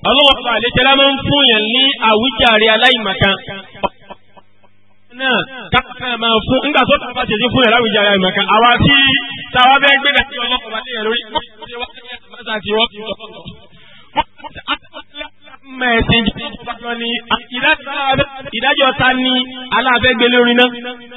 ọlọ́wọ́ kan àlejòlá máa ń fún yàn ní àwíjàre aláìmọ̀kan náà káfíńtà máa fún nígbà tó tàbá tètè fún yàn láwùjàre aláìmọ̀kan àwa tí táwa bẹ́ẹ̀ gbé dàtí ọlọ́kọ̀ọ́ bá tẹ̀ yàn lórí mẹ́ẹ̀sìn ìdájọ́ ta ni aláàbẹ̀gbẹ̀ lórí náà.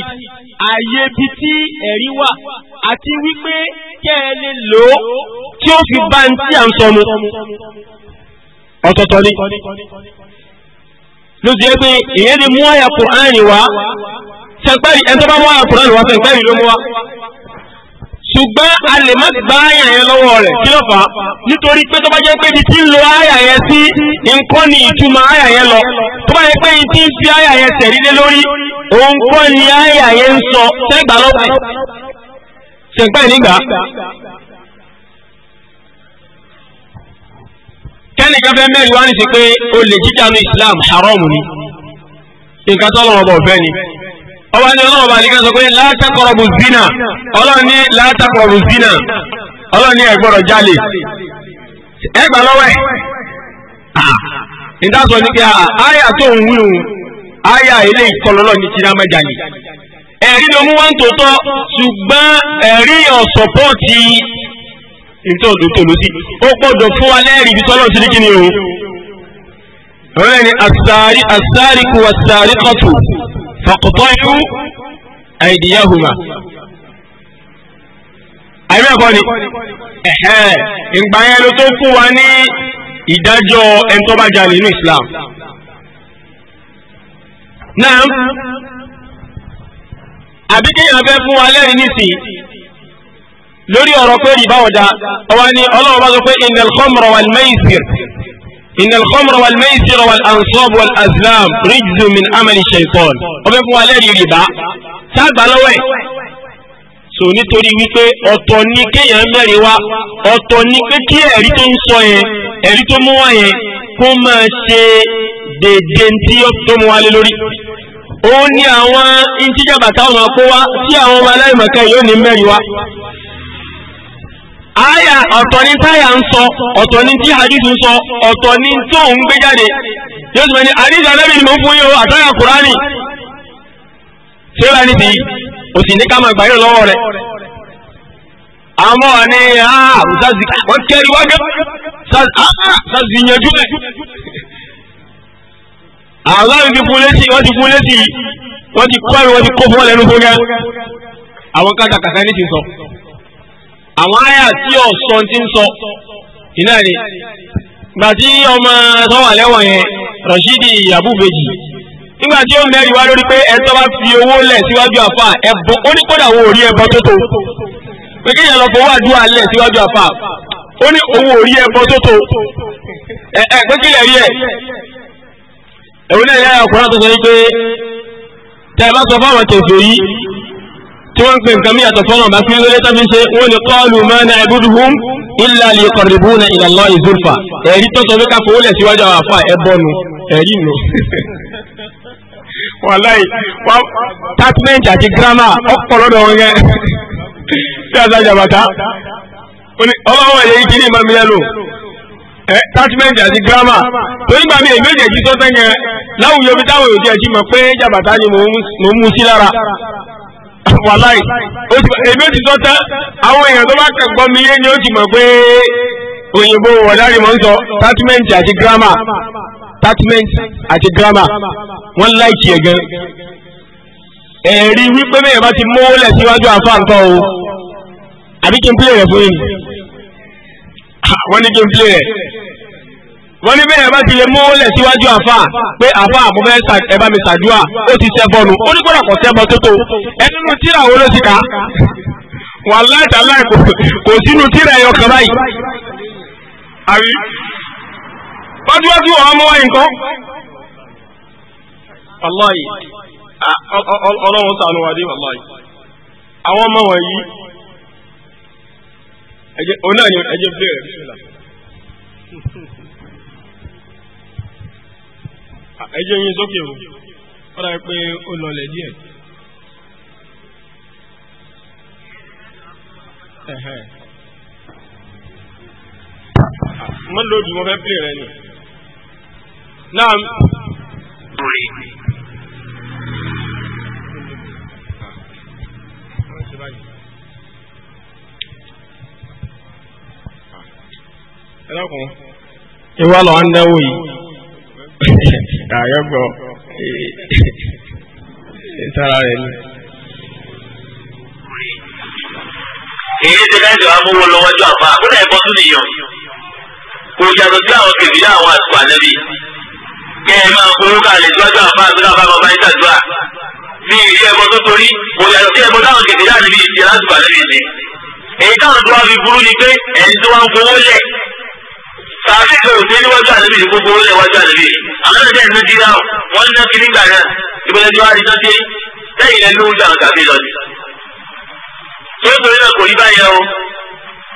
ṣáhì ààyè ibi tí ẹ̀rí wà àti wípé kẹ́ ẹ lè lò ó tí ó fi bá ń tí à ń sọ mu ọ̀tọ̀ọ̀tọ̀ ni ló ti yẹ pé ìyẹn lè mú àyà Kùránì wá sẹ̀ńpẹ́rì ẹni tó bá mú àyà Kùránì wá sẹ̀ńpẹ́rì ló mú wá ṣùgbọ́n a lè má gba àyà yẹn lọ́wọ́ rẹ̀ kí ló fà á nítorí pé tó bá jẹ́ pé ibi tí ń lo àyà yẹn sí nǹkan ni ìtumọ̀ àyà yẹn lọ tó bá jẹ́ pé ibi tí ń fi àyà yẹn tẹ̀rí lé lórí òun kọ́ ni àyà yẹn ń sọ sẹ́gbà lọ́pẹ́ sẹ́gbà nígbà. kẹ́ni kan mẹ́rin wá ní sí pé olè jíjà ní Islam haram ni nǹkan tó lọ́wọ́ bọ̀ fẹ́ ni. ọba ní ọlọ́wọ́ bá nìkan sọ pé látàkọ̀rọ̀bù zina ọlọ́run ní látàkọ̀rọ̀bù zina ọlọ́run ní ẹ gbọ́dọ̀ jalè ẹ gbà lọ́wọ́ ẹ̀ ìdásọ ní pé àyà tó ń wíwù àyà ilé ìkọlọ́lọ́ ní kíná mẹ́jàlè ẹ̀rí ló mú wá ń tòótọ́ ṣùgbọ́n ẹ̀rí ọ̀sọ̀pọ̀tì ìtọ́jú tó ló sí ó gbọ́dọ̀ fún wa lẹ́rìí ibi tọ́lọ́ sí ní kíni o ọ̀rẹ́ ni faqtayu aydiyahuma àìbẹ́ ẹ̀kọ́ ni ẹ̀hẹ́ ìgbà yẹn ló tó fún wa ní ìdájọ́ ẹni tó bá jalè nínú Islam náà àbí kéèyàn fẹ́ fún wa lẹ́rìí nísìn lórí ọ̀rọ̀ pé ìbáwọ̀dá ọwọ́ ni ọlọ́run bá sọ pé innal khamra wal maisir إن الخمر والميسر والأنصاب والأزلام رجز من عمل الشيطان ọbẹ̀ fún wa lẹ́rìí rìbá sáàgbà lọ́wọ́ ẹ̀ so nítorí wípé ọ̀tọ̀ ni kéèyàn mẹ́rin wá ọ̀tọ̀ ni pé kí ẹ̀rí tó ń sọ yẹn ẹ̀rí tó mú wá yẹn kó máa ṣe déédéé tí tó mú wá lé lórí òun ni àwọn ìtìjàbàtà ọmọ kó wá tí àwọn ọmọ aláìmọ̀kẹ́ yóò ní mẹ́rin wá àyà ọ̀tọ̀ ní táyà ń sọ ọ̀tọ̀ tí hadith ọ̀tọ̀ tó ń gbé jáde yóò ní alẹ́ ni mo fún yín o àtàyà kùránì tí ní ní ká máa gbà yín lọ́wọ́ rẹ̀ àmọ́ ah, wọ́n kẹ́rì ah, ah, yanjú ẹ̀ ti fún létí wọ́n ti fún létí wọ́n ti kọ́ ti àwọn àyà tí ọ̀sán ti ń sọ iná ni gbàtí ọmọ sọ́wàlẹ́wọ̀n yẹn Rashidi Abubeji nígbà tí ó mẹ́rin wá lórí pé ẹ̀tọ́ bá fi owó lẹ̀ síwájú àfà ẹ̀bọ ó ní kódà owó orí ẹbọ tó tó pé kí èèyàn lọ fowó àdúrà lẹ̀ síwájú àfà ó ní owó orí ẹbọ tó tó ẹ ẹ pé kí lè rí ẹ̀wọ́n náà yára ọkùnrin tó sọ pé tẹ́ ẹ bá sọ fáwọn kẹfẹ́ yìí tí wọ́n ń pè nǹkan míyàtọ̀ fọ́nà bá fílẹ̀ lórí tàbí ṣe wọ́n ni qalu ma na'buduhum illa liyuqarribuna ila Allahi zulfa ẹ̀rí tó sọ pé ká fowó lẹ̀ síwájú àwọn àfa ẹ̀bọnu ẹ̀rí nù. wàláì tátímẹ́ǹtì àti gírámà ọ̀pọ̀lọ́dọ̀ wọn yẹn tí a sá jàbàtà ọba wọn yẹ kí ni màmí yẹn lò tátímẹ́ǹtì àti gírámà torí gbà mí èmi ò jẹ́ kí láwùjọ bí táwọn òjò ẹ̀ wàláì èmi ó ti sọ tán àwọn èèyàn tó bá kẹ́kọ̀ọ́ mi yé ni ó ti mọ̀ pé òyìnbó wọ̀dáàrí mọ̀ ń sọ tátímẹ́ǹtì àti gírámà tátímẹ́ǹtì àti gírámà wọ́n láìkì ẹ̀ ẹ̀rí wípé bẹ́ẹ̀ bá ti mówólẹ̀ síwájú àfáàntọ́ o àbí kí n pílẹ̀ rẹ̀ fún yín wọ́n ní kí n pílẹ̀ rẹ̀ wọ́n ní bẹ́ẹ̀ bá ti lè mú lẹ̀ síwájú àfa pé àfa mo fẹ́ ẹ bá mi ṣàdúrà ó ti ṣẹbọ nu ó ní gbọ́dọ̀ kọ́ ṣẹbọ tó tó ẹni nu tíra wo ló ti kà á wà láìta láì kò sínú tíra ẹ̀yọ kan báyìí. àbí wájúwájú ọ̀hún mú wáyé nǹkan. wàláyé ọlọ́run sànù wà dé wàláyé àwọn ọmọ wọ̀nyí ẹ̀jẹ̀ onáà ni ẹ̀jẹ̀ bẹ̀rẹ̀ bísí ẹjọ́ yín sókè o ó dàbí pé ó lọlẹ̀ díẹ̀. wọ́n lòdì wọ́n fẹ́ pè rẹ ni. náà ẹlẹ́kùn ìwà lọ ń náwó yìí àyọ́ gbọ́ sára rẹ̀ ni. èyí ti dájọ́ amówó lọ́wọ́ jọ àfa àkúrẹ́ ẹ̀bọ tún nìyàn kò yàtọ̀ sí àwọn kèbí àwọn àtùkù ànábì kẹ́ ẹ máa fowó kalẹ̀ síwájú àfa àtúnṣe àfa àmọ́ báyìí ṣàdúrà ní ilé ẹ̀bọ tó torí kò yàtọ̀ sí ẹ̀bọ táwọn kèbí ànábì ìṣẹ̀lẹ̀ àtùkù ànábì ni èyí táwọn tó wá fi burú ni pé ẹ̀yin tó wá ń fowó lẹ̀ tààfin kan ò sí níwájú àdébí ní gbogbo orílẹ̀ iwájú àdébí àwọn ẹ̀dẹ́ ìlú dírá wọn ní náà kiri gbà náà ìbẹ̀rẹ̀ ni wọ́n á di tán dé lẹ́yìn lẹ́nu oúnjẹ àwọn tàbí lọ ni. tó ń torí náà kò rí báyìí o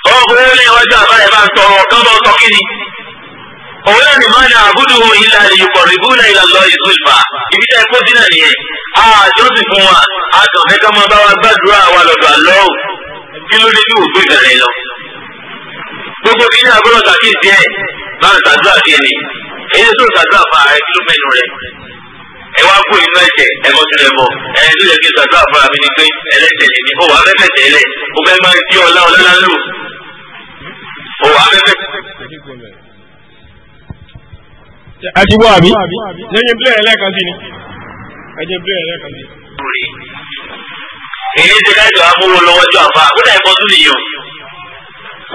ọwọ́ gbogbo orílẹ̀ iwájú àbáyẹ̀ bá ń tọrọ kán bá ń tọ́ kíni. òun náà ní máa ní àbúdù ilà ìyókò rìbú náà ìlà lọ ìlú ìfà ibi tẹ́ kó dínà nìyẹn àjọ gbogbo kí ní agbọ́dọ̀ ṣàkíyèsí ẹ̀ máa ń ṣàdúrà sí ẹni èyí tó ń ṣàdúrà fún ààrẹ kí ló mẹ́nu rẹ̀ ẹ wá kú inú ẹ̀jẹ̀ ẹ mọ́ sílẹ̀ mọ́ ẹ tó yẹ kí n ṣàdúrà fún àmì ni pé ẹlẹ́jẹ̀ ni mi ó wà fẹ́fẹ́ tẹ́lẹ̀ o fẹ́ máa ń tí ọlá ọlá lò ó wà fẹ́fẹ́. a ti wọ́ àbí lẹ́yìn bílẹ̀ ẹlẹ́kan sí ni ẹ̀jẹ̀ bílẹ̀ ẹlẹ́kan sí. èyí ti ká ìjọba mú wọn lọ́wọ́jọ́ àfa àbúrò ẹ̀kọ́ tún nìyẹn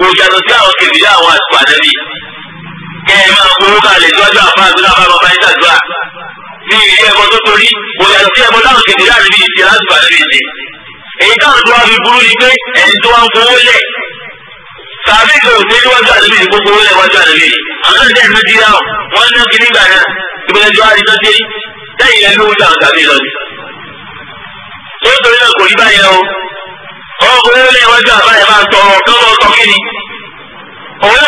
kò yàtọ̀ sí àwọn kèmíyà àwọn àti pàdánì kẹ́ ẹ máa kówó kalẹ̀ síwájú àfáàgbé náà bá bá yín ṣàdúrà bí ilé ẹ̀kọ́ tó torí kò yàtọ̀ sí ẹ̀kọ́ táwọn kèmíyà rẹ̀ bí ìṣe láti pàdánì ṣe. èyí táwọn tó wá fi burú ni pé ẹ̀yin tó wá ń fowó lẹ̀ tàbí kò sí níwájú àdúgbò ní gbogbo owó ẹ̀wájú àdúgbò àwọn ọ̀dẹ́ ìlú dira ọ̀ wọ́n ní kí nígbà náà ìpínlẹ̀ ìjọba àdìgbò Ọ lẹ́wọ́jú àbáyé bá ń tọrọ kọ́mọ sọ kí ni. na onye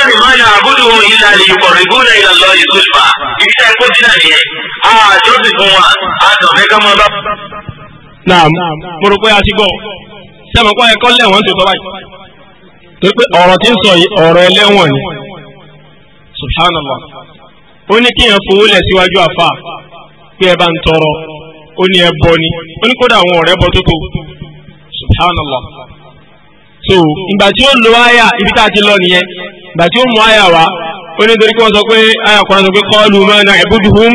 lọ bá. naam mo rò pé a ti gbọ́ sẹ́mi kọ́ lẹ́wọ̀n tó báyìí. torí pé ọ̀rọ̀ tí ń sọ yìí ọ̀rọ̀ ni subhanallah ó ní kí fowó lẹ̀ síwájú àfa pé ẹ bá ń tọrọ ó ní ẹ bọ ni ó ní kódà àwọn ọ̀rẹ́ bọ so ìgbà tí ó lo àyà ibi tá a ti lọ nìyẹn ìgbà tí ó mú àyà wá ó ní torí kí wọ́n sọ pé àyà kan sọ pé qalu ma na'buduhum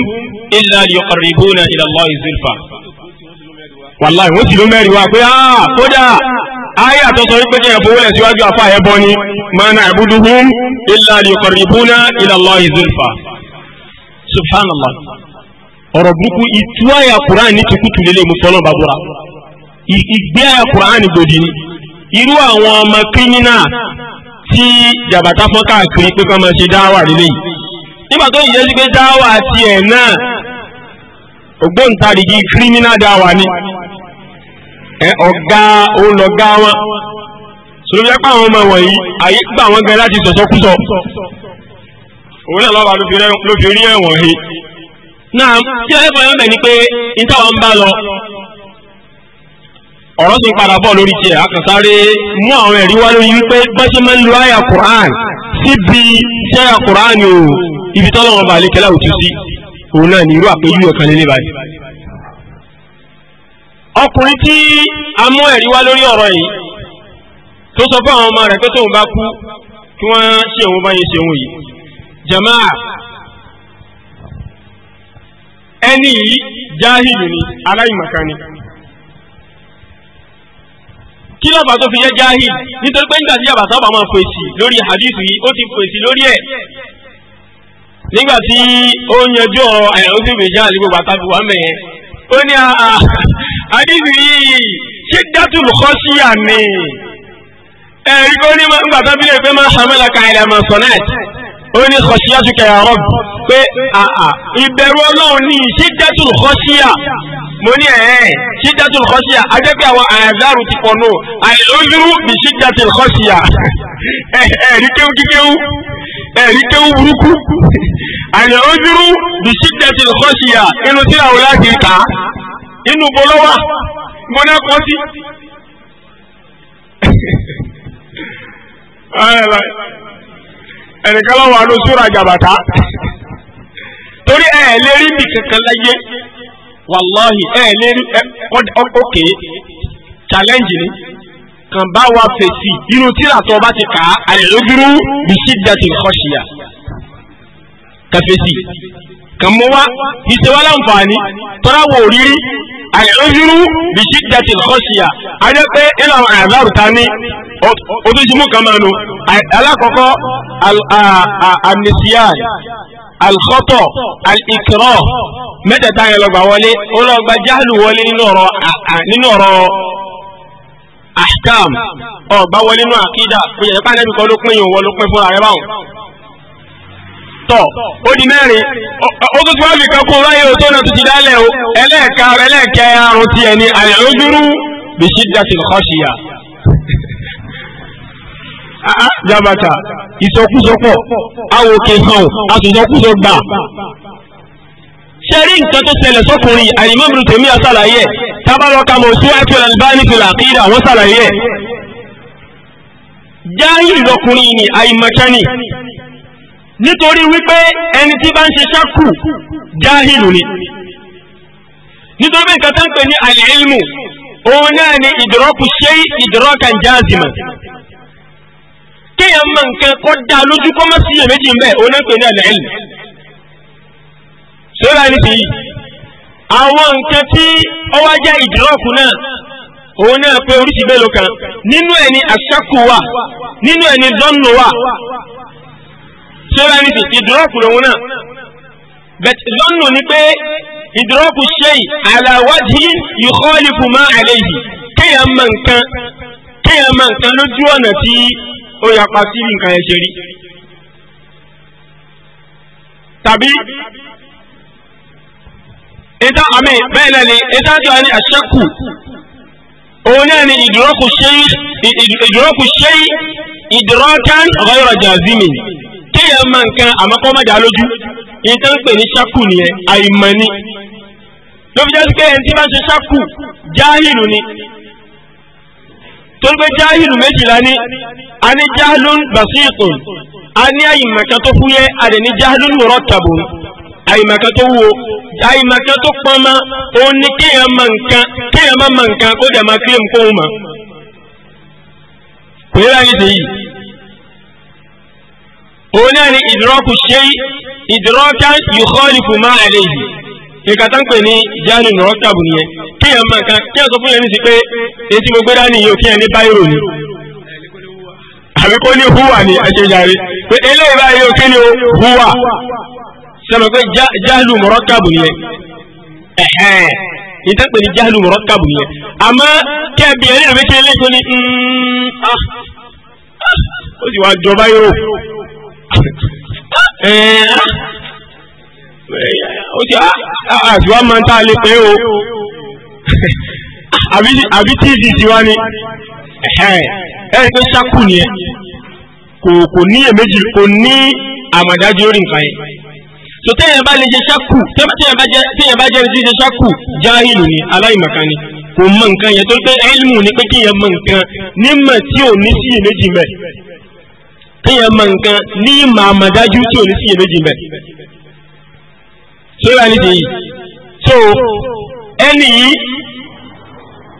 illa liyuqarribuna ila Allahi zulfa wàláì wọ́n sì ló mẹ́rin wá pé áà kódà ayé àtọ́sọ wípé kí ẹ̀bùn wọlé síwájú afá ẹ̀bọ ni ma na'buduhum illa liyuqarribuna ila Allahi zulfa subhanallah ọ̀rọ̀ burúkú ìtú àyà Kùránì ní tukutu lélẹ̀ mùsọ́lọ́ bàbúrà ìgbé àyà Kùránì ní gbòdì ni irú àwọn ọmọ kírímínà tí jàbàtà fọ́n káàkiri pé kọ́ máa ṣe dáwà lílé yìí nígbà tó yẹ sí pé dáwà tiẹ̀ náà ògbóǹtarìgì kírímínà dáwà ni ọ̀gá olọ̀gá wọn sọlọ́bí apá àwọn ọmọ wọ̀nyí àyè gbà wọ́n gan láti sọ̀sọ́kúsọ òun náà lọ́ba ló fi rí ẹ̀wọ̀n he náà tí ẹ̀fọ́ yẹn bẹ̀ ni pé ní táwọn ń bá lọ ọ̀rọ̀ sì padà bọ̀ lórí tiẹ̀ akàtàrí mú àwọn ẹ̀rí wá lórí wípé bọ́sẹ̀ máa ń lo àyà Qur'an síbi tí àyà Qur'an o ibi tọ́lọ́ wọn bá lè kẹ́lá òtún sí òun náà ní irú àpéjú ẹ̀kan lé níbàdí. ọkùnrin tí a mú ẹ̀rí wá lórí ọ̀rọ̀ yìí tó sọ fún àwọn ọmọ rẹ̀ pé tóun bá kú kí wọ́n ṣe òun bá yẹn ṣe òun yìí jamaa ẹni yìí jáhìlù ni aláìmọ̀kan ni kí lọ́ba tó fi jẹ́ jahil nítorí pé nígbà tí yàbàtà bá máa fèsì lórí hadith yìí ó ti fèsì lórí ẹ̀ nígbà tí ó yanjú ọ̀rọ̀ àìrọ́síwèé já àlè gbogbo àtàbí wà mẹ́yẹn ó ní ah, ah, hadith yìí ṣé dátùlù kọ́ sí àmì ẹ̀rí kó ní nígbà tó bí lè pé máa ṣàmẹ́lá ka ilẹ̀ àmọ̀ sọ̀nẹ́t ó ní kọ̀ṣíyá tún kẹ̀yà pé ah, ìbẹ̀rù ọlọ́run ní ìṣe dátùlù kọ́ sí àmì mo ní ẹ̀ ṣíjàtúl kọ́ṣíà ajẹ́ pé àwọn àyàzáàrù ti pọ̀nù àìlóyúrú ní ṣíjàtúl kọ́ṣíà ẹ̀rí kéwú kíkéwú ẹ̀rí kéwú burúkú àìlóyúrú ní ṣíjàtúl kọ́ṣíà inú tí àwọn láti kà á inú bolówà mo ní ẹ̀kọ́ sí. ẹnìkan lọ́wọ́ àdó sóra jàbàtà torí lérí wàláhì ẹ lè rí ọkẹ challenge ni kàn bá wa fèsì inú tíra tó bá ti kà á àlèlógúrú bìsídàtì kọ́ṣíà kàfèsì kàn mọ́ wa ìṣèwà láǹfààní tọ́lá wò rírí àlèlógúrú bìsídàtì kọ́ṣíà àjẹpẹ́ ìlà àwọn àyàbáwò ta ní ojúṣimú kan máa nu alákọ̀ọ́kọ́ àmìsíyàn alkhọ́tọ̀ alikrọ́ mẹ́tẹ̀ẹ̀ta yẹn lọ́gbà wọlé ó lọ́gbà jáàlù wọlé nínú ọ̀rọ̀ nínú ọ̀rọ̀ ahkam ọ̀gbà wọlé nínú àkídà kò yẹ pàdé bí kọ́ ló pín yòó wọ́n ló pín fúnra rẹ̀ báwọn. tọ́ ó di mẹ́rin ó tún ti wá fi kan kó ráyè ó tó náà tún ti dálẹ̀ o ẹlẹ́ẹ̀ka ẹlẹ́ẹ̀kẹ́ àrùn tiẹ̀ ni àyàlójúrú bìṣídàtì kọ́ṣíyà. Ah, ah, jabata ìsọkúsọpọ̀ awòkè hàn àtúnṣọkúsọ gbà ṣẹ́rí nǹkan tó ṣẹlẹ̀ sọ́kùnrin àyìnbámu tèmi àṣàlàyé tábàlọ́ka mọ̀ sí àti ọ̀làǹbáni fìlà àkídà àwọn ṣàlàyé jáyìí lọkùnrin ni àyìnmọ̀kẹ́ni nítorí wípé ẹni tí bá ń ṣe ṣákù jáhìlù ni nítorí pé nǹkan tó ń pè ní àlẹ́ ìlmù òun náà ni ìdúrọ́kù ṣe ìdúrọ́kà jáàzìmọ̀ kéèyàn mọ nǹkan kọ́ da lójú kọ́ mọ́ sí iyèméjì ń bẹ̀ onípe ní ẹ̀lẹ́ ìlú. sọ́ra ní bíi àwọn nǹkan tí ọwọ́ jẹ́ ìdírọ́ọ̀kù náà òun náà pé oríṣi mélòó kan nínú ẹ̀ àṣàkù wà nínú ẹ̀ dọ́nù wà sọ́ra ní bíi ìdírọ́ọ̀kù lòun náà bẹ̀tẹ̀ dọ́nù ni pé ìdírọ́ọ̀kù ṣe àlàwádìí ìkọ́ọ̀lì fún mọ́ àlẹ́ yìí kéèyàn mọ ó yapa sí nǹkan yẹn ṣe rí tàbí ìta àmì bẹ́ẹ̀ náà ni ìta tí wà ní àṣẹ́kù òun náà ni ìdúrókù ṣéyí ìdúrókù ṣéyí ìdúrókàn ọ̀gáyọ̀rọ̀ jàzímì kéèyàn máa nǹkan àmọ́kọ́mọ́dà lójú ìta ń pè ní ṣákù nìyẹn àìmọ̀ ni ló fi jẹ́ sí pé ẹni tí bá ń ṣe ṣákù jáhìlù ni torí pé jáhìlù méjìlá ní a ní jáhìlùn basiqun a ní àyìmọ̀kan tó fúyẹ́ a dẹ̀ ní jáhìlùn murattabun àyìmọ̀kan tó wo àyìmọ̀kan tó pọ́nmá ó ní kéèyàn mọ̀ nǹkan kéèyàn má mọ̀ nǹkan kó dẹ̀ máa kílèm kó mọ̀ kò yẹ láyé sèyí òun náà ní idraku shay idrakan yukhalifu ma alayhi nǹkan tá ń pè ní jáàlì nọ́ọ̀tàbù nìyẹn kí ẹ̀ máa kan kí ẹ̀ sọ fún yẹn ní sí pé etí mo gbé dání yóò kí ẹ̀ ní báyìrò ni àbí kó ní húwà ni àṣejàre pé eléyìí báyìí yóò kí ni o húwà sọ̀rọ̀ pé jáàlù mọ̀rọ̀kàbù nìyẹn ẹ̀hẹ́n ìtẹ́ pè ní jáàlù mọ̀rọ̀kàbù nìyẹn àmọ́ kí ẹ bí ẹ nílò méjì eléyìí tó ní hmm, ah, ah, ó sì wá jọba yóò ó ti àti ah, ah, ah, máa ń tá a lè pé o àbí tíìsì tiwa ni ẹ̀rí pé ṣákù nìyẹn kò kò ní èméjì kò ní àmọ̀dájú lórí nǹkan yẹn so téèyàn bá lè ṣe ṣákù téèyàn bá jẹ́ téèyàn bá jẹ́ ẹni tí ń ṣe ṣákù jáhìlù ni aláìmọ̀kan ni kò mọ nǹkan yẹn tó pé ẹlmù ni pé kéèyàn mọ nǹkan nímọ̀ tí ò ní sí èméjì mẹ́ kéèyàn mọ nǹkan ní ìmọ̀ àmọ̀dájú tí ò ní sí èméjì mẹ́ sóyà ní ìdíyì so ẹni yìí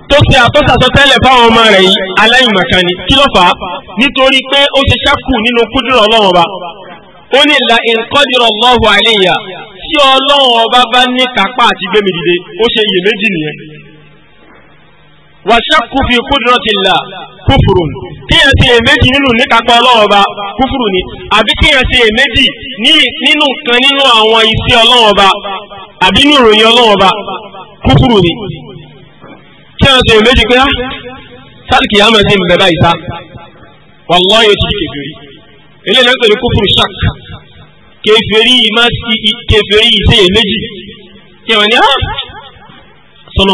tó ṣe àtọ́sàtọ́ tẹ́lẹ̀ fáwọn ọmọ rẹ̀ yìí aláìmọ̀kan ni kí ló fà á nítorí pé ó ṣe ṣákù nínú kúdúrọ̀ ọlọ́run ọba ó ní la ìkọ́dìrọ̀ lọ́hùn àìlèyà tí ọlọ́run ọba bá ní kápá àti gbẹmìdìde ó ṣe iyèméjì nìyẹn wàṣàkù fi qudratillah kúfùrù kíyàn ṣe èméjì nínú níkàpọ̀ ọlọ́run ọba kúfùrù ni àbí kíyàn ṣe èméjì nínú kan nínú àwọn iṣẹ́ ọlọ́run ọba àbí nínú ìròyìn ọlọ́run ọba kúfùrù ni kíyàn ṣe èméjì pé ah, sálìkì yàmọ̀ sí ìmọ̀ bàbá ìta wallahi ti di kèfèrí eléyìí náà pẹ̀lú kúfùrù ṣak kèfèrí ìmá kèfèrí ìṣe èméjì kíyàn ní ah, sọ́nà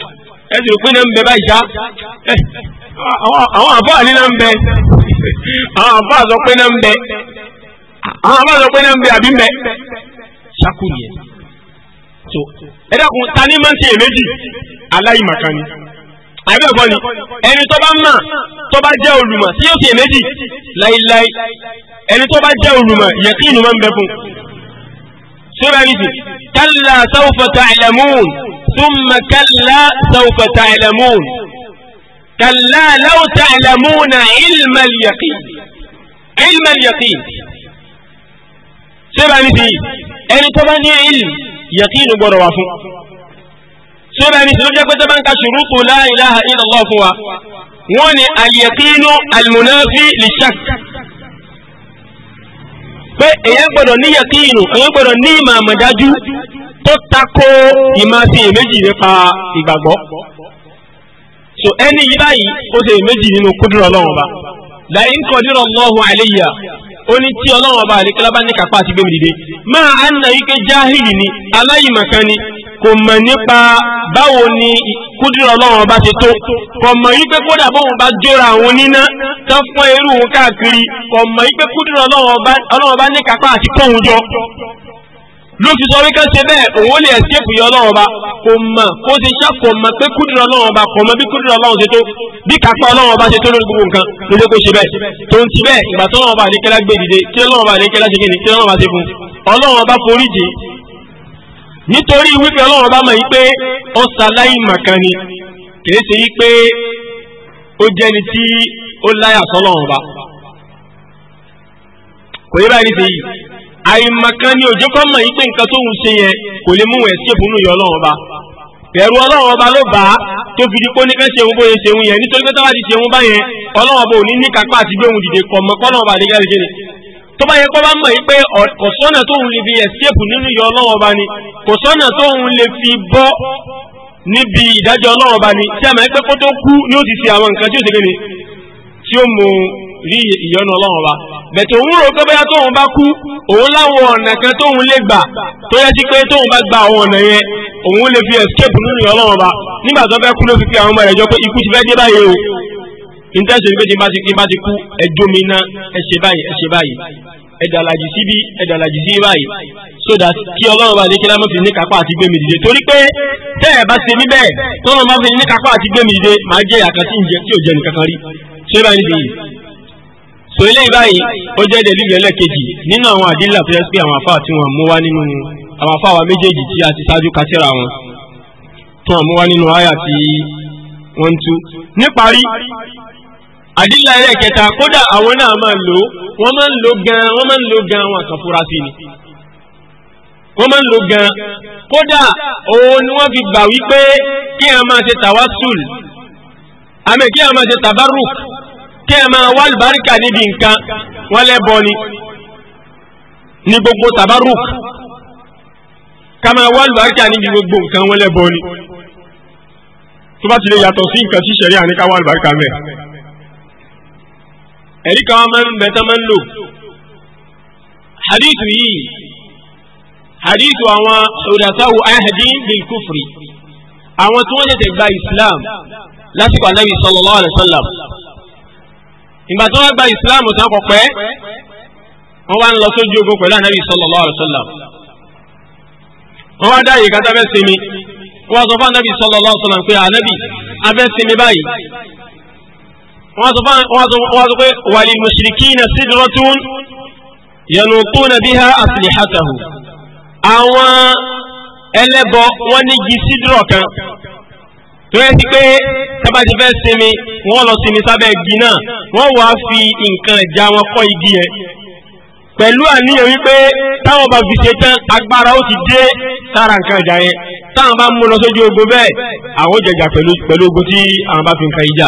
ẹ̀sìn òpin náà ń bẹ báyìí ṣá àwọn àfáà ní náà ń bẹ àwọn àfáà sọ pé náà ń bẹ àwọn àfáà sọ pé náà ń bẹ àbí ń bẹ ṣákù nìyẹn so ẹ dákun ta ni máa ń ṣe èméjì aláìmọ̀kan àbí ẹ̀kọ́ ni ẹni tó bá mà tó bá jẹ́ olùmọ̀ tí yóò ṣe èméjì láíláí ẹni tó bá jẹ́ olùmọ̀ yẹ kí ìnú ń bẹ fún un. sórí ẹni sì kálá sáwùfọ̀tà ẹ̀lẹ́mùún. ثم كلا سوف تعلمون كلا لو تعلمون علم اليقين علم اليقين سيبا نسي ẹni tó bá ní ilm yaqin gbọ́dọ̀ wà fún sóbà ẹni tó jẹ́ pé tó bá ń ka ṣùrùtù la ilaha illallah fún wa wọ́n ní al-yaqinu al-munafi lish-shakk pé èyàn gbọ́dọ̀ ní yaqinu èyàn gbọ́dọ̀ ní ìmọ̀ àmọ̀dájú tó tako ìmọ̀sí méjì nípa ìgbàgbọ́ so ẹni yìí báyìí ó ṣe méjì nínú kúndùrọ̀ ọlọ́run ọba láyé ń kọjú Allahu alayya ó ní tí ọlọ́run ọba àríkẹ́lá bá ní kápá àti gbẹ̀mí dìde máa á nà yí pé ni aláìmọ̀kan ni kò ni kúndùrọ̀ ọlọ́run ọba ti tó kò mọ̀ yí pé kódà bóun bá jóra àwọn tó òun káàkiri kò mọ̀ yí pé kúndùrọ̀ ọlọ́run ọba jọ ló fi sọ wí ká ṣe bẹ́ẹ̀ òun ó lè ẹ̀skẹ́pù yọ ọlọ́run ọba kò mọ̀ kó ṣe ṣá kò mọ̀ pé kúndìrì ọlọ́run ọba kò mọ̀ bí kúndìrì ọlọ́run ṣe tó bí kápá ọlọ́run ọba ṣe tó lórí gbogbo nǹkan ló ṣe kó ṣe bẹ́ẹ̀ tó ń ti bẹ́ẹ̀ ìgbà tó ọlọ́run ọba àdékẹ́lá gbé dìde kí ọlọ́run ọba àdékẹ́lá ṣe kíni kí ọlọ́run ọba ṣe fún ọlọ́run ọba forí jì nítorí wípé ọlọ́run ọba mọ̀ yí pé ó ṣaláì màkan ni kì í ṣe yí pé ó jẹ́ni tí ó láyà sọ́lọ́run ọba kò yẹ báyìí níṣẹ́ yìí àìmọ̀kan ni òjò kọ́ mọ̀ yìí pé nǹkan tóun ṣe yẹn kò lè mú wọn ẹ̀sìn fún ìyọ̀ ọlọ́run ọba ẹ̀rù ọlọ́run ọba ló bá tó fi di pé oníkan ṣeun bóye ṣeun yẹn nítorí pé táwa ti ṣeun bá yẹn ọlọ́run ọba ò ní ní kápá àti gbé òun dìde ọba yẹ kó bá mọ̀ yìí pé kò sọ́nà lè fi ọba ni kò ni a rí ìyọ́nú ọlọ́run ọba bẹ̀tẹ̀ òun rò pé bóyá tóun bá kú òun láwọn ọ̀nà kan tóun lè gbà tó yẹ sí pé tóun bá gba àwọn ọ̀nà yẹn òun lè fi escape nínú ọlọ́run ọba nígbà tó fẹ́ kú ló fi fi àwọn ọmọ rẹ̀ jọ pé ikú ti fẹ́ dé báyìí o intention ni pé tí n bá ti kú ẹjọ́ mi ná ẹ ṣe báyìí ẹ ṣe báyìí ẹ̀dàlàjì síbi ẹ̀dàlàjì sí báyìí so that kí ọlọ́run bá lè kí lámọ́ fi ní kápá àti gbé mi dìde torí pé tẹ́ ẹ̀ bá ṣe mí bẹ́ẹ̀ tọ́lọ́run bá fi ní kápá àti gbé mi dìde màá jẹ́ àkàtì ìjẹ tí ò jẹ nìkan kan rí ṣé báyìí nìyí tó ilé ìbáyìí ó jẹ́ dẹ̀lílù ẹlẹ́kejì nínú àwọn àdílà tó yẹ pé àwọn afá tí wọ́n mú wá nínú àwọn afá wa méjèèjì tí a ti ṣáájú kásíra wọn tó wọ́n mú wá nínú àyà tí wọ́n ń tú. níparí àdílà ẹlẹ́kẹta kódà àwọn náà máa lò wọ́n máa ń lò gan-an wọ́n máa ń lò gan-an àwọn àkànfúra ni wọ́n máa ń lò gan-an kódà òun ni wọ́n fi gbà wípé kí a máa ṣe tàwásùl àmì kí a máa ṣe tàbárùkù kí ẹ máa wá àlùbáríkà níbi nǹkan wọ́n lẹ́bọ ni ní gbogbo tabaruk ká máa wá àlùbáríkà níbi gbogbo nǹkan wọ́n lẹ́bọ ni tó bá ti lè yàtọ̀ sí nǹkan tí ìṣẹ̀rí àníká wá àlùbáríkà mẹ́ ẹ̀rí kan máa ń bẹ tán máa ń lò hadith yìí hadith àwọn ṣòdàtàwò ahadin bil kufri àwọn tí wọ́n tètè gba islam lásìkò anábì sallallahu alaihi wasallam ìgbà tó wá gba ìsìláàmù tán kò pẹ́ wọ́n wá ń lọ sójú ogun pẹ̀lú ànábì sallallahu alaihi wasallam wọ́n wá dá ìyíká tábẹ́ sinmi wọ́n wá sọ fún ànábì sallallahu alaihi wasallam pé ànábì abẹ́ sinmi báyìí wọ́n wá sọ pé walil mushrikina sidratun yanutuna biha aslihatahum àwọn ẹlẹ́bọ wọ́n ní jí sídìrọ̀ kan tó yẹ ti pé tábà ti fẹ́ sinmi wọ́n lọ sinmi sábẹ́ igi náà wọ́n wá fi nǹkan ìjà wọn kọ́ igi yẹn pẹ̀lú àníyàn wípé táwọn bá fi ṣe tán agbára ó ti dé sára nǹkan ìjà yẹn táwọn bá mú lọ sójú ogun bẹ́ẹ̀ àwọn ò jẹjà pẹ̀lú ogun tí àwọn bá fi nǹkan ìjà.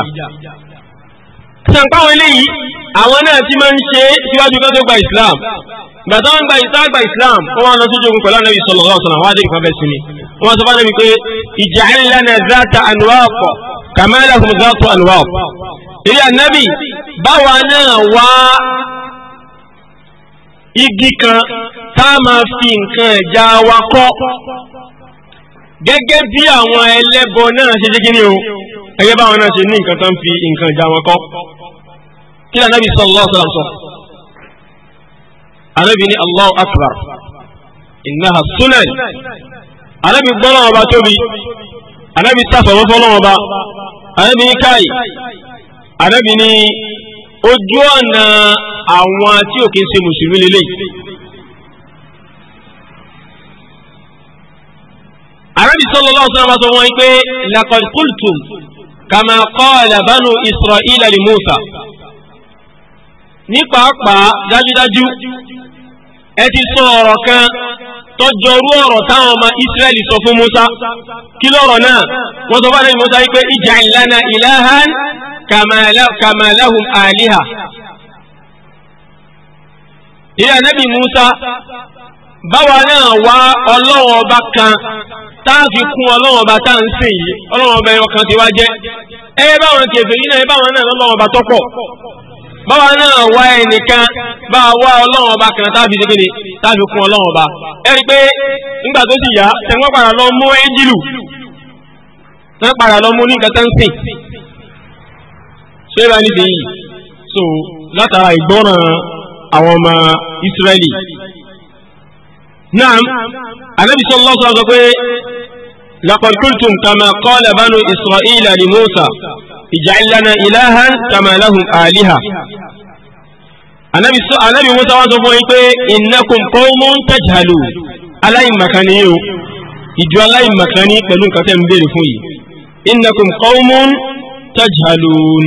sàǹpáwọn eléyìí àwọn náà ti máa ń ṣe síwájú kan Islam gbàtà wọn gba ìta gba islam wọn wọn lọ sójú ogun pẹ̀lú anabi sọlọ lọwọ sọlọ wọn adé nǹkan bẹ́ẹ̀ sinmi wọn sọ fún anabi pé ìjà ńlá náà zata anuwaapọ kàmáyàlá fún zata anuwaapọ èyí anabi báwa náà wá igi kan tá a máa fi nǹkan ẹ̀já wa kọ́ gẹ́gẹ́ bí àwọn ẹlẹ́bọ náà ṣe jẹ́gí ní o ẹgẹ́ báwọn náà ṣe ní nǹkan tó ń fi nǹkan ẹ̀já wọn kọ́ kí lànà bí sallallahu alaihi wasallam anabi ni allahu akbar innaha sunan anabi gbọ́dọ̀ ọba tóbi anabi sàfọ̀mọ́ fọlọ́wọ́ ọba anabi ní káyì anabi ní ojú ọ̀nà àwọn tí ò kí ń ṣe mùsùlùmí lélẹ̀ anabi sallallahu alaihi wasallam sọ wọn pé laqad qultum kama qala banu musa. ní pàápàá dájúdájú ẹ ti sọ ọ̀rọ̀ kan tọjọrú ọ̀rọ̀ táwọn ọmọ Israẹli sọ fún Musa kí lọ́rọ̀ náà wọ́n sọ fún Musa wípé ija ilana ilahan kamalahu lahum ilana ìyá Musa báwa náà wá ọlọ́wọ́n ọba kan tá a fi kún ọba tá a ọba kan ti wá jẹ́ ẹ kẹfẹ́ yìí náà ẹ ọba tọ́pọ̀ báwa náà wá ẹnìkan bá a wá ọlọ́run ọba kan táàbí ṣe kéde táàbí kún ọlọ́run ọba ẹ rí i pé nígbà tó sì yá tẹ̀wọ́n padà lọ mú ẹ́ńjìlù tẹ̀wọ́n padà lọ mú ní nǹkan tán sìn ṣé bá níbi yìí so látara ìgbọ́ràn àwọn ọmọ Ísírẹ́lì náà anábì sallallahu alaihi pé laqad qultum kama qala banu Isra'ila li Musa ij'al lana ilahan kama lahum aliha anabi sọ anabi musa wa sọ fún yín pé innakum qawmun tajhalun aláìmàkàní yìí o ìjọ aláìmàkàní pẹ̀lú nǹkan tẹ́ ń béèrè fún yìí innakum qawmun tajhalun.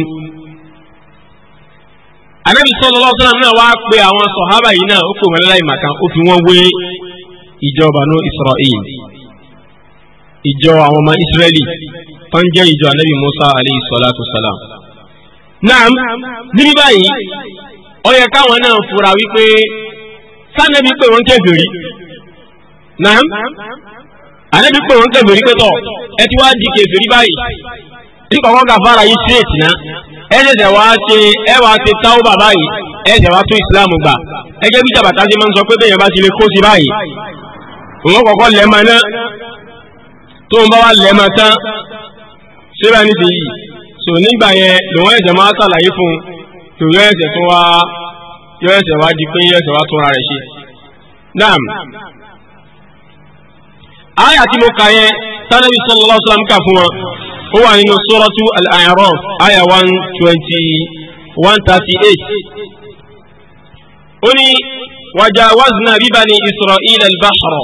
anabi sallallahu alaihi wasallam náà wá pé àwọn sọ̀hábà yìí náà ó kò wọ́n aláìmàkàn ó fi wọ́n wé ìjọ Banu Isra'il ìjọ àwọn ọmọ Israẹli tó ń jẹ́ ìjọ anabi musa alayhi salatu salam. naam níbi báyìí ó yẹ káwọn náà fura wípé sanabi pé wọn kèfèrí naam anabi pé wọn kèfèrí pé tọ ẹ ti wá di kèfèrí báyìí tí kọ̀kọ́ gàfàrà yìí straight náà ẹ ṣẹ̀ṣẹ̀ wá ṣe ẹ wá ṣe táwọn bàbá yìí ẹ ṣẹ̀ wá tó islam gbà ẹgẹ́ bí jàbàtà ṣe máa ń sọ pé bẹ́ẹ̀ yẹn bá ti lè kó sí báyìí òun kọ̀kọ́ lẹ́ẹ̀ma náà tó ń bá wa lẹ́ẹ̀ma tán ṣé bá níbi yìí so nígbà yẹn lòun ẹ̀jẹ̀ máa ṣàlàyé fún un tó yọ ẹ̀sẹ̀ tó wá yọ ẹ̀sẹ̀ wá di pé yọ ẹ̀sẹ̀ wá tó ra rẹ̀ ṣe. naam aya tí mo kà yẹn tánàbí sallallahu alaihi wasallam kà fún wọn ó wà nínú suratu al aya one twenty one thirty eight ó ní wajawazna bibani Isra'ila al-bahra.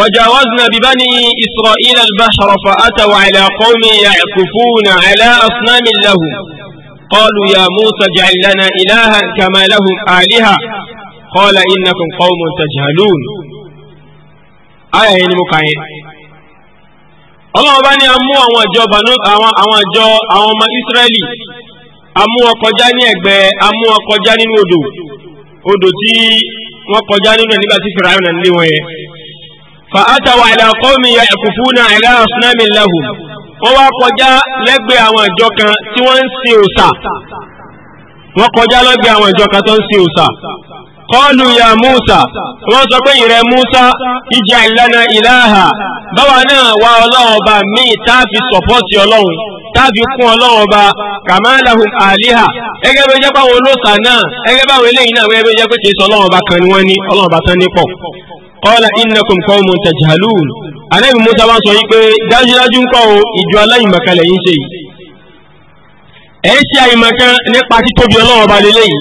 وجاوزنا ببني إسرائيل البحر فأتوا على قوم يعكفون على أصنام لهم قالوا يا موسى اجعل لنا إلها كما لهم آلهة قال إنكم قوم تجهلون آية المقاين ọlọ́run bá ní amú àwọn ìjọ banu àwọn àwọn ìjọ àwọn ọmọ ìsírẹ́lì amú wọn kọjá ní ẹ̀gbẹ́ amú wọn kọjá nínú odò odò tí wọ́n kọjá nínú ẹ̀ nígbà tí fìràwọn ẹ̀ ń lé wọn yẹn fàátàwà àlàkọ́mi ya'kufuna ala asnamin lahum wọ́n wá kọjá lẹ́gbẹ̀ẹ́ àwọn ìjọ kan tí wọ́n ń sin òòṣà wọ́n kọjá lẹ́gbẹ̀ẹ́ àwọn ìjọ kan tó ń sin ya musa wọ́n sọ pé ìrẹ musa ìjà ìlànà ìlàhà báwa náà wá ọlọ́run ọba míì táàfi sọ̀pọ́ọ̀tì ọlọ́run táàfi kún ọlọ́run ọba kàmáàlàhùn àlíhà ẹgẹ́ bí ó jẹ́ pé àwọn olóòṣà náà ẹgẹ́ eléyìí náà jẹ́ pé sọ kan ni wọ́n ní qala innakum qawmun tajhalun anabi musa bá sọ yí pé dájúdájú ń kọ́ o ìjọ aláìmọ̀kalẹ̀ yìí ṣe yìí ẹ̀ ń ṣe ma nípa títóbi ọlọ́run ọba lélẹ́yìí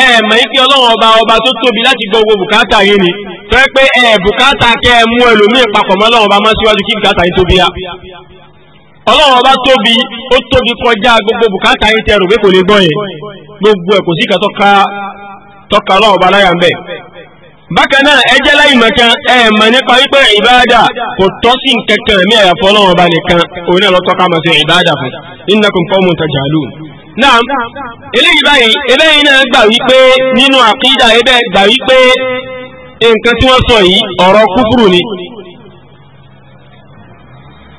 ẹ mọ̀ yí pé ọlọ́run ọba ọba tó tóbi láti gbọ́ gbogbo bùkátà yìí ni tó yẹ pé ẹ bùkátà kẹ́ ẹ mú ẹlòmíì papọ̀ mọ́ ọlọ́run ọba mọ́ síwájú ya ọlọ́run ọba tóbi ó tóbi gbogbo gbogbo bákan náà ẹ jẹ́ láì mọ̀kan ẹ mọ̀ nípa wípé ìbáàdà kò tọ́ sí nǹkankan ẹ̀mí àyàfọ́ ọlọ́run ọba nìkan òun náà lọ́tọ́ ká máa ṣe ìbáàdà fún innakum qawmun tajhalun. náà eléyìí báyìí eléyìí náà gbà wípé nínú àkídà ẹbẹ gbà wípé nǹkan tí wọ́n sọ yìí ọ̀rọ̀ kúfùrù ni.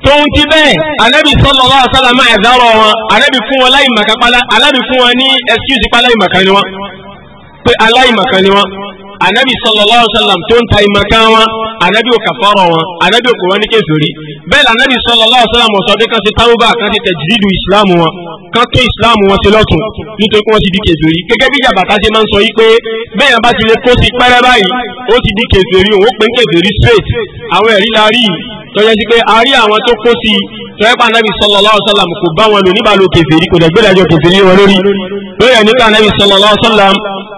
tóun ti bẹ́ẹ̀ anábì sallallahu alaihi wasallam ẹ̀dárọ̀ wọn anábì fún wọn láì màkà pálá anábì fún wọn ní excuse pálá ìmàkà ni wọn pé aláìmàkà anabi sallallahu alaihi wa sallam tó ń ta ìmọ̀ kan wọn. ànábì ò kàfọ́rọ̀ wọn ànábì ò kò wọ́n ní kèfèrí bẹ́ẹ̀ lànábì sallallahu alaihi wasallam sọ pé kán ti táwọ́bà kán ti tẹ̀jìdìdù islam wọn kán tó islam wọn ti lọ́tún nítorí pé wọ́n ti di kèfèrí gẹ́gẹ́ bí jàbàtà ṣe máa ń sọ yí pé bẹ́ẹ̀ bá ti lè kó sí pẹ́rẹ́ báyìí ó ti di kèfèrí òun ó pè ń kèfèrí straight àwọn ẹ̀rí la rí tọ́jọ́ sí pé a rí àwọn tó kó sí tọ́yẹ́pà anábì sallallahu alaihi wasallam kò bá wọn lò níbà ló kèfèrí kò dẹ̀gbẹ́ dájọ́ kèfèrí wọn lórí lórí ẹ̀ nípa anábì sallallahu alaihi wasallam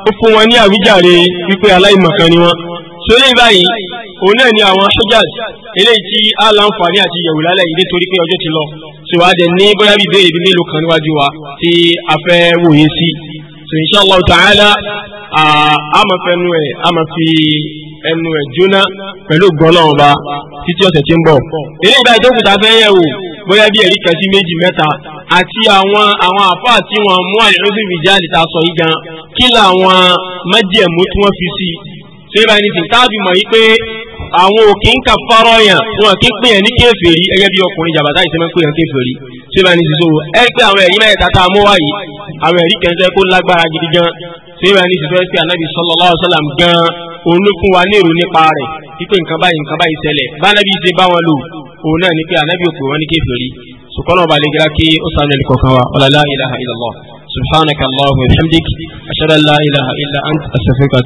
ó fún wọn ní àwíjàre wípé aláìmọ̀kan ni wọn so eléyìí báyìí òun náà ni àwọn hujjaj eléyìí tí a láǹfààní àti yẹ̀wò lálẹ́ yìí nítorí pé ọjọ́ ti lọ so a dẹ̀ ní bóyá bíi béèrè bíi mélòó kan níwájú wa tí a fẹ́ wòye sí so inshallah ta'ala a máa fẹ́ nu ẹ̀ a máa fi ẹnu ẹ̀ jóná pẹ̀lú gbọ́lọ́wọ́ ba títí ọ̀sẹ̀ tí ń bọ̀. eléyìí báyìí tó kù tá a fẹ́ yẹ̀ wò bóyá bí ẹ̀rí kẹsí méjì mẹ́ta àti àwọn àwọn àfa àti wọn mú àìrúsí ìjáde tá a sọ yìí gan kí làwọn májẹ̀mú tí wọ́n fi sí ṣé báyìí nìsín táàbì mọ̀ yìí pé àwọn òkè ń kàfárọ̀ yàn wọn kì í pè yàn ní kéfèrí ẹgẹ́ bí ọkùnrin jàbátá yìí ṣe máa ń pè yàn kéfèrí ṣé báyìí nìsín ẹ pé àwọn ẹ̀rí mẹ́ta tá a mú wá àwọn ẹ̀rí kan kó lágbára gidi gan ṣé báyìí nìsín tó pé anabi sallallahu alaihi wasallam gan olókun wa nírò nípa rẹ̀ pípé nǹkan báyìí nǹkan báyìí ṣẹlẹ̀ bánabi ṣe bá wọn lò òun náà ni pé anabi òkè wọn ní kéfèrí سبحان الله عليك لك أسأل الكوكوا ولا لا إله إلا الله سبحانك اللهم وبحمدك أشهد أن لا إله إلا أنت أستغفرك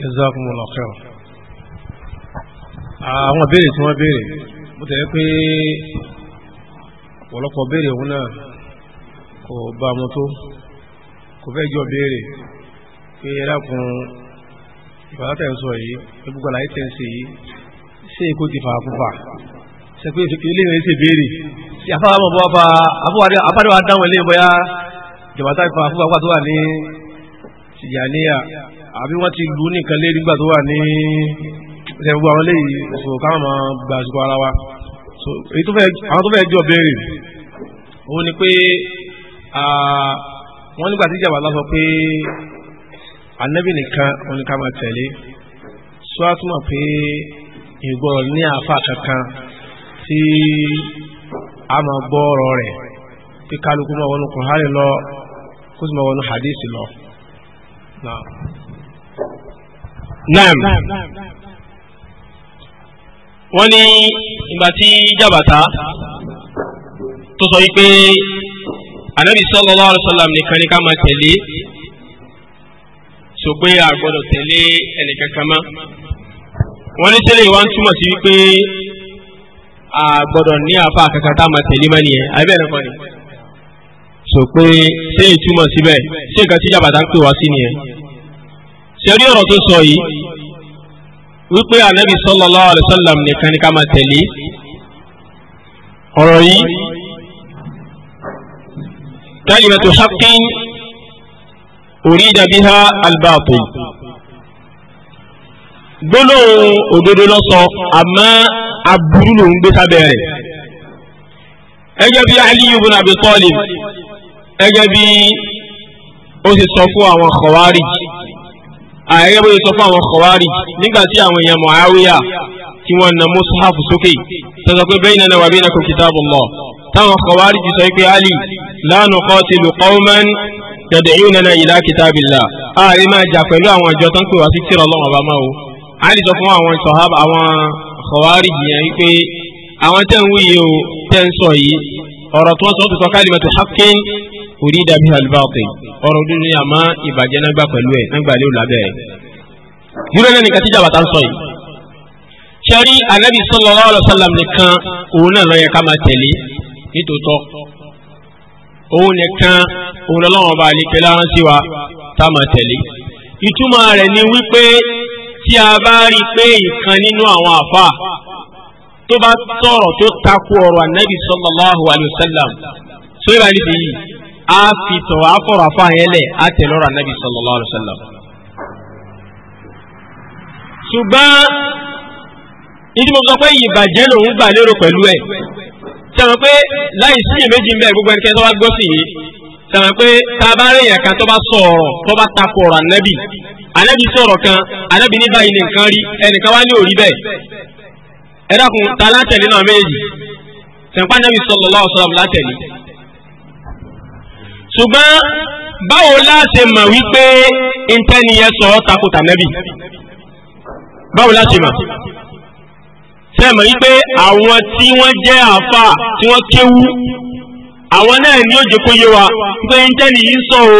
Jazakumullahu khair. àwọn béèrè tí wọ́n béèrè mo tẹ̀lé pé ọ̀pọ̀lọpọ̀ béèrè òun náà kò bá mu tó kò fẹ́ jọ béèrè pé ẹlẹ́kùn ìbára tẹ̀ ń sọ yìí gbogbo àlàyé tẹ̀ ń ṣe yìí ṣé èkó ti fà fúfà ṣe pé ilé rẹ̀ ṣe béèrè ṣe àfáwàmọ̀ bọ́ fa àfáwàdíwà dáhùn ilé bọ́yá jàbátà ìfà fúfà pàtó wà ní tìjàníyà àbí wọ́n ti lù nìkan lé nígbà tó wà ní ẹgbẹ́ àwọn eléyìí òfò káwọn máa gba àsìkò ara wa tó àwọn tó fẹ́ jọ béèrè òun ni pé wọ́n nígbà anabi nìkan òun ni ká máa tẹ̀lé sọ á pé ìgbọ́ ní àáfà kankan tí a máa gbọ́ ọ̀rọ̀ rẹ̀ kí kálukú lọ kó sì máa lọ. naam wọ́n ní ìgbà tí jàbàtà tó sọ wípé anabi sallallahu alaihi wasallam nìkan ní ká máa tẹ̀lé sọ pé a gbọ́dọ̀ tẹ̀lé ẹnìkankan mọ́ wọ́n ní tẹ́lẹ̀ ìwà ń túmọ̀ sí wípé a gbọ́dọ̀ ní àfa kankan tá a máa tẹ̀lé mọ́ nìyẹn àbí bẹ́ẹ̀ lọ́kọ́ ni sọ ṣé ìtumọ̀ síbẹ̀ ṣé nǹkan tí jàbàtà ń pè wá sí nìyẹn ṣẹ̀rí ọ̀rọ̀ tó sọ yìí wípé ànábì sallallahu alaihi wasallam nìkan ní ká máa tẹ̀lé ọ̀rọ̀ yìí kalimatu haqqin urida biha al-batil gbólóhùn òdodo ló sọ àmọ́ aburú ló ń gbé sábẹ́ rẹ̀ gẹ́gẹ́ bí Ali ibn Abi Talib gẹ́gẹ́ bí ó sì sọ fún àwọn Khawarij àyẹ̀gẹ́ bóyá sọ fún àwọn kọ̀wárì nígbà tí àwọn èèyàn Muawiya tí wọ́n na mùsùlùmí sókè tó sọ pé baynana wa baynakum kitabullah táwọn kọ̀wárì ti sọ pé Ali la nuqatilu qawman yad'unana ila kitabillah ààrẹ máa jà pẹ̀lú àwọn ìjọ tó ń pè wá sí tìrọ lọ́wọ́ bá máa Ali sọ fún àwọn sọ̀háb àwọn kọ̀wárì yẹn pé àwọn tẹ́ orí dàbí alibáwọ̀kì ọ̀rọ̀ dúdú ni àmọ́ ìbàjẹ́ nágbà pẹ̀lú ẹ̀ nágbà lè lábẹ́ rẹ̀. dúró náà nìkan tíjà bàtà ń sọ yìí. sẹ́rí anabi sallallahu alaihi wasallam nìkan òun náà ló yẹ ká máa tẹ̀lé nítòótọ́. òun nìkan òun lọ́wọ́ bá alẹ́ kẹlẹ́ rán sí wa tá máa tẹ̀lé. ìtumọ̀ rẹ̀ ni wípé tí a bá rí pé ìkan nínú àwọn àfa tó bá sọ̀rọ̀ tó takú ọ̀rọ̀ anabi sallallahu alaihi wasallam sóyè bá ní a fi tọ̀ a fọ̀rọ̀ afọ àyẹlẹ̀ a tẹ̀lọ́rọ̀ anabi sallallahu alayhi wa sallam. ṣùgbọ́n ìdí mo sọ pé ìbàjẹ́ lòun gbà lérò pẹ̀lú ẹ̀ sọ̀rọ̀ pé láì sí ìméjì mbẹ́ gbogbo ẹnikẹ́ni tó bá gbọ́ sí yìí sọ̀rọ̀ pé tá a bá rí èèyàn kan tó bá sọ̀rọ̀ tó bá takò ọ̀rọ̀ ànábì ànábì sọ̀rọ̀ kan ànábì ní báyìí ní nǹkan rí ẹnìkan wá ní òrí bẹ́ẹ̀ ẹ dákun ta látẹ̀lé náà méjì sẹ̀ǹpá ànábì sallallahu alaihi wasallam látẹ̀lé ṣùgbọ́n báwo láti mọ̀ wípé ìtẹ́niyẹ sọ takòtà nẹ́bì báwo láti mọ̀ sẹ́mọ̀ wípé àwọn tí wọ́n jẹ́ àfà tí wọ́n kéwú àwọn náà ní ó jẹ́ kó yé wa pé ìtẹ́niyí sọ o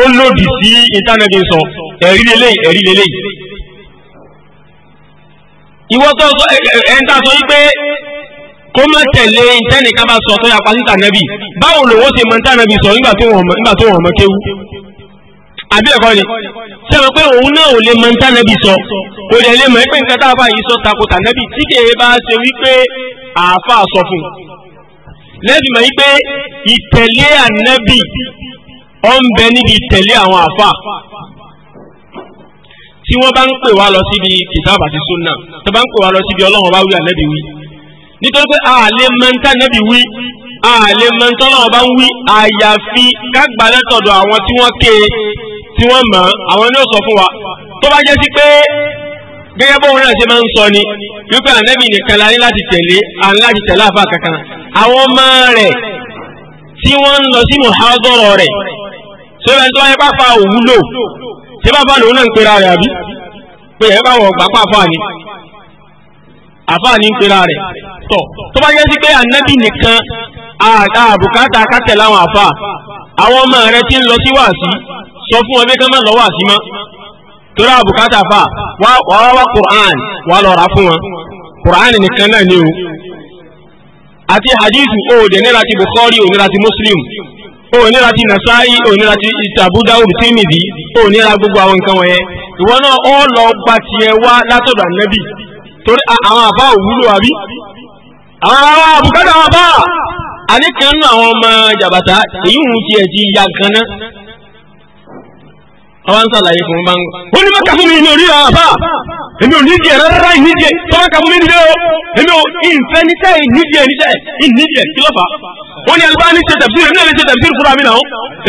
ó lòdì sí ìtànẹ́bì sọ ẹ̀rí lélẹ́yìn ẹ̀rí lélẹ́yìn ìwọ́tọ̀ ẹ̀ńtà sọ wípé kó má tẹ̀lé ìtẹ́nìkan bá sọ tó yà pásítà nẹ́bì báwo lòwó ṣe mọ̀ ntánẹ́bì sọ nígbà tó wọ̀n mọ́ kéwú àbí ẹ̀kọ́ ni ṣe mọ̀ pé òun náà ò lè mọ̀ ntánẹ́bì sọ kò lè lè mọ̀ pé nǹkan tá a bá yìí sọ tako tànẹ́bì tí kèé bá ṣe wípé àáfà sọ fún un lẹ́bi mọ̀ wípé ìtẹ̀lé ànẹ́bì ó ń bẹ níbi ìtẹ̀lé àwọn àáfà tí wọ́n bá ń pè wá lọ síbi kìtàbà àti sunna tó bá ń pè wá lọ síbi ọlọ́run bá wí ànẹ́bì wí nítorí pé àlè mẹ́ńtà nẹ́bì wí àlè mẹ́ńtà náà bá ń wí àyàfi kágbà lẹ́tọ̀dọ̀ àwọn tí wọ́n ké tí wọ́n mọ̀ àwọn ni ó sọ fún wa tó bá jẹ́ sí pé gẹ́gẹ́ bóun náà ṣe máa ń sọ ni wípé ànẹ́bì nìkan la ní láti tẹ̀lé àní láti tẹ̀lé àfa kankan àwọn ọmọ rẹ̀ tí wọ́n ń lọ sí mọ̀hádọ́rọ̀ rẹ̀ sọ́yìn tó wáyé pàfà òwúlò tí bàbá lòun náà ń pera rẹ̀ àbí pé ẹ̀ bá wọ̀ gbà pàfà ni àfáà ní ń pera rẹ̀ tọ̀ tó bá yẹ sí pé ànábì nìkan àbùkátà kátẹ̀ láwọn àfáà àwọn ọmọ rẹ ti ń lọ sí wàásí sọ fún wọn pé kán lọ wàásí mọ́ torí àbùkátà fà wà wá wá quran wà lọ rà fún wọn quran nìkan náà ni o àti hadithu o ò dẹ̀ níra ti bukhari o níra ti muslim o ò níra nasai o níra ti tabudawud timidi o níra gbogbo àwọn nǹkan wọ̀nyẹn ìwọ náà ó lọ gba tiẹ̀ wá látọ̀dọ̀ ànábì torí àwọn àbá òwúlò àbí àwọn ará àbùkátà àwọn àbá àníkan nínú àwọn ọmọ jàbàtà èyí ń fi ẹ̀jì ya gánná àwọn ń sàlàyé fún bá ń gbọ́. ó ní mẹ́ta fún mi ní orí àbá èmi ò nídìí ẹ̀ rárá ìnídìí tó mẹ́ta fún mi nílé o èmi ò ìfẹ́ níṣẹ́ ìnídìí ẹ̀ níṣẹ́ ìnídìí ẹ̀ kí ló fà á. ó ní Albani ṣe tafsir èmi náà lè ṣe tafsir fúnra mi náà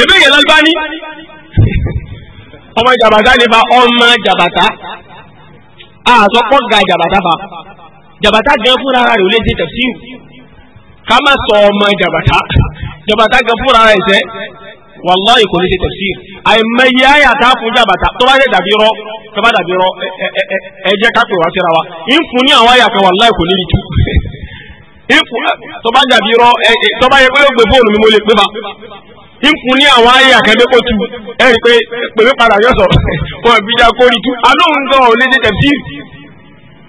èmi yẹn Albani ọmọ jàbàtà nípa ọmọ jàbàtà àsọpọ̀ ga jàbàtà fa jàbàtà gan fúnra rẹ̀ ò lè ṣe tafsir ká má sọ ọmọ jàbàtà jàbàtà gan fúnra rẹ̀ sẹ́ wallahi kò lè ṣe tafsir àìmọye ayé A fún jàbàtà tó bá dé dàbí rọ tó bá dàbí rọ ẹ jẹ́ ká pè wá síra wa ń fún ní àwọn ayé àkàn wallahi kò ní rí tú ń fún tó bá dàbí rọ tó bá yẹ pé ó gbé fóònù mi mo lè pé fa nkun ní àwọn ayé àkẹ́gbẹ́ kó tu ẹ rí i pé pèmí padà yọ sọ wọn fi já kórìí tu àlóhùn gan ò lè ṣe tẹ̀síìrì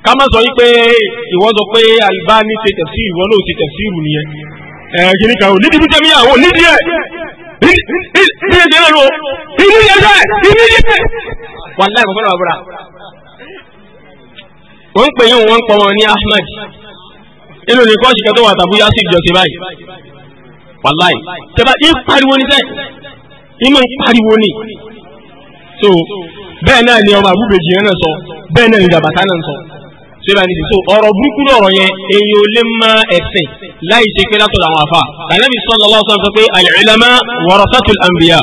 ká má sọ yí pé ìwọ sọ pé Albani ṣe tẹ̀síìrì ìwọ náà ṣe tẹ̀síìrì nìyẹn ẹ kìíní kan ò nídìí fúnjẹ míyàwó nídìí ẹ nídìí ẹ lọ ìlú yẹn bẹ ìlú yẹn bẹ. wàlá ìkọ̀kọ́ náà bọ̀rọ̀ wọ́n ń pè yín wọ́n ń pọ̀ wọn ní Ahmed inú nìkan ṣìkẹ́ tó wà tàbúyá sí ìjọsìn báyìí. wàláì tẹ́bà ń pariwo ní sẹ́ ìmọ̀ ń pariwo ní. so bẹ́ẹ̀ náà ni ọmọ àbúbèjì yẹn náà sọ bẹ́ẹ̀ náà ni jàbàtà náà sọ síbẹ̀ ní sísọ ọ̀rọ̀ burúkú lọ̀rọ̀ yẹn èyí ò lè mọ ẹ̀sìn láì ṣe pé látọ̀dọ̀ àwọn afa kàlẹ́bí sallallahu alaihi wasallam sọ pé al-ulama warasatul anbiya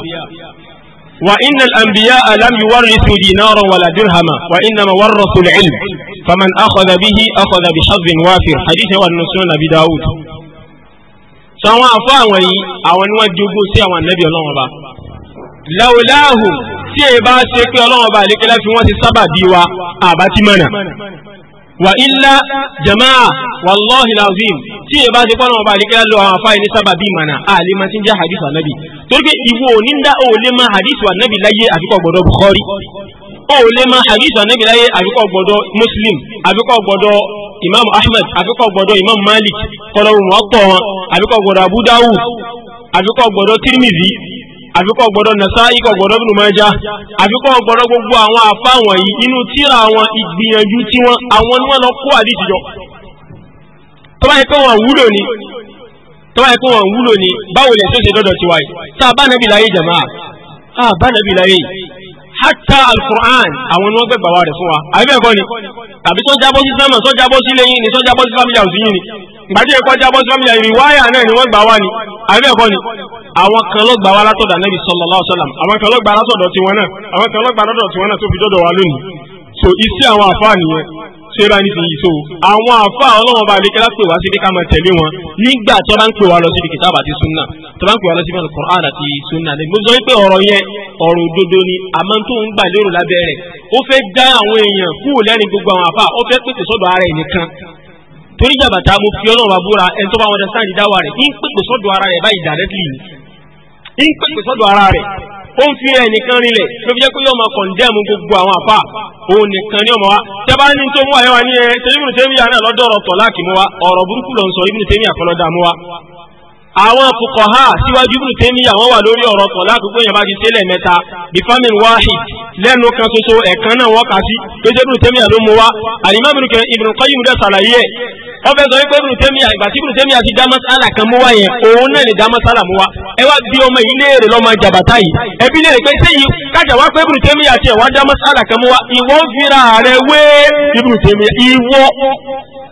wa inna al-anbiya'a lam yuwarrisu dinaran wala dirhama wa innama warrasul ilm faman akhadha bihi akhadha bi hadhin wafir hadith wa an-nusun abi dawud sọ àwọn àfọ àwọn yìí àwọn ni wọ́n jogún sí àwọn ànábì ọlọ́run ọba làwòláhù tí èyí bá ṣe pé ọlọ́run ọba àlékelá fi wọ́n ti sábà bí wa àbá ti mọ̀nà wà ilá jamaa wàlọ́hìn azim tí èyí bá ṣe pé ọlọ́run ọba àlékelá lọ àwọn afáyín ní sábà bí mọ̀nà àlè máa ti ń jẹ́ hadith ànábì torí pé ìwọ ò ní dá hadith ànábì láyé àfikọ́ gbọ́dọ̀ Bukhari ó lè máa hadith anabi láyé àbíkọ́ gbọ́dọ̀ muslim àbíkọ́ gbọ́dọ̀ imam ahmed àbíkọ́ gbọ́dọ̀ imam malik kọlọ́wù mọ́tọ̀ wọn àbíkọ́ gbọ́dọ̀ abu dawud àbíkọ́ gbọ́dọ̀ tirmidhi àbíkọ́ gbọ́dọ̀ nasa'i kọ́ gbọ́dọ̀ ibn majah àbíkọ́ gbọ́dọ̀ gbogbo àwọn àfa wọ̀nyí inú tíra àwọn ìgbìyànjú tí wọn àwọn ni wọn lọ kó hadith jọ tó bá yẹ pé wọn wúlò ni báwo lè ṣe é ṣe dọ́dọ̀ tiwa tá a bá nàbì láyé jàmáà a bá nàbì láyé hatta alukur'an àwọn ni wọ́n gbẹ̀gbà wa rẹ̀ fún wa àbí bẹ́ẹ̀ kọ́ ni tàbí tó jábọ́ sí sámà tó jábọ́ sí lẹ́yìn ni tó jábọ́ sí fámìlì àwùjọ yìí ni gbàdí ẹ̀kọ́ jábọ́ sí fámìlì àyìnrì wáyà náà ni wọ́n gbà wá ni àbí bẹ́ẹ̀ kọ́ ni àwọn kan ló gbà wá látọ̀dọ̀ Ànábì sallallahu alaihi wasallam àwọn kan ló gbà látọ̀dọ̀ tiwọn náà àwọn kan ló gbà látọ̀dọ̀ tiwọn náà tó fi dọ́dọ̀ wa lónìí so iṣẹ́ àwọn àfáà nìyẹn ṣé bá nísìn yìí so àwọn àfa ọlọ́wọ́n bá lékelá pè wá síbi ká máa tẹ̀lé wọn nígbà tó bá ń pè wá lọ síbi kìtàbà àti sunna tó bá ń pè wá lọ síbi al àti sunna ni mo sọ pé ọ̀rọ̀ yẹn ọ̀rọ̀ òdodo ni àmọ́ tó ń gbà lérò lábẹ́ ó fẹ́ dá àwọn èèyàn kúrò lẹ́rìn gbogbo àwọn àfa ó fẹ́ pèsè sọ́dọ̀ ara ẹ̀ nìkan torí jàbàtà mo fi ọlọ́run ó ń fi ẹnìkan rinlẹ̀ ló fi jẹ́ pé yóò máa kọ̀ǹdẹ́mù gbogbo àwọn àfa òun nìkan ni ọmọ wa tẹ́bá ní tó mú àyẹ̀wò ní ẹ tẹ́lifùnù tẹ́míyà náà lọ́dọ̀ ọ̀rọ̀ tọ̀láàkì mú wa ọ̀rọ̀ burúkú ló sọ Ibn Taymiyyah àfọlọ́dà mú wa àwọn fuqaha síwájú ibùdó tẹ́mí àwọn wà lórí ọ̀rọ̀ kan ládùúgbò yẹn bá ti sílẹ̀ mẹ́ta bifamin wahid lẹ́nu kan ṣoṣo ẹ̀kan náà wọ́n kà sí tó jẹ́ ibùdó tẹ́mí ló mú wa alimami Ibn Qayyim dẹ̀ sàlàyé ẹ̀ wọ́n fẹ́ sọ pé ibùdó tẹ́mí ìgbà tí ibùdó tẹ́mí àti dámásálà kan mú wa yẹn òun náà lè dámásálà mú wa ẹ wá bí ọmọ yìí léèrè lọ́mọ jàbátá yìí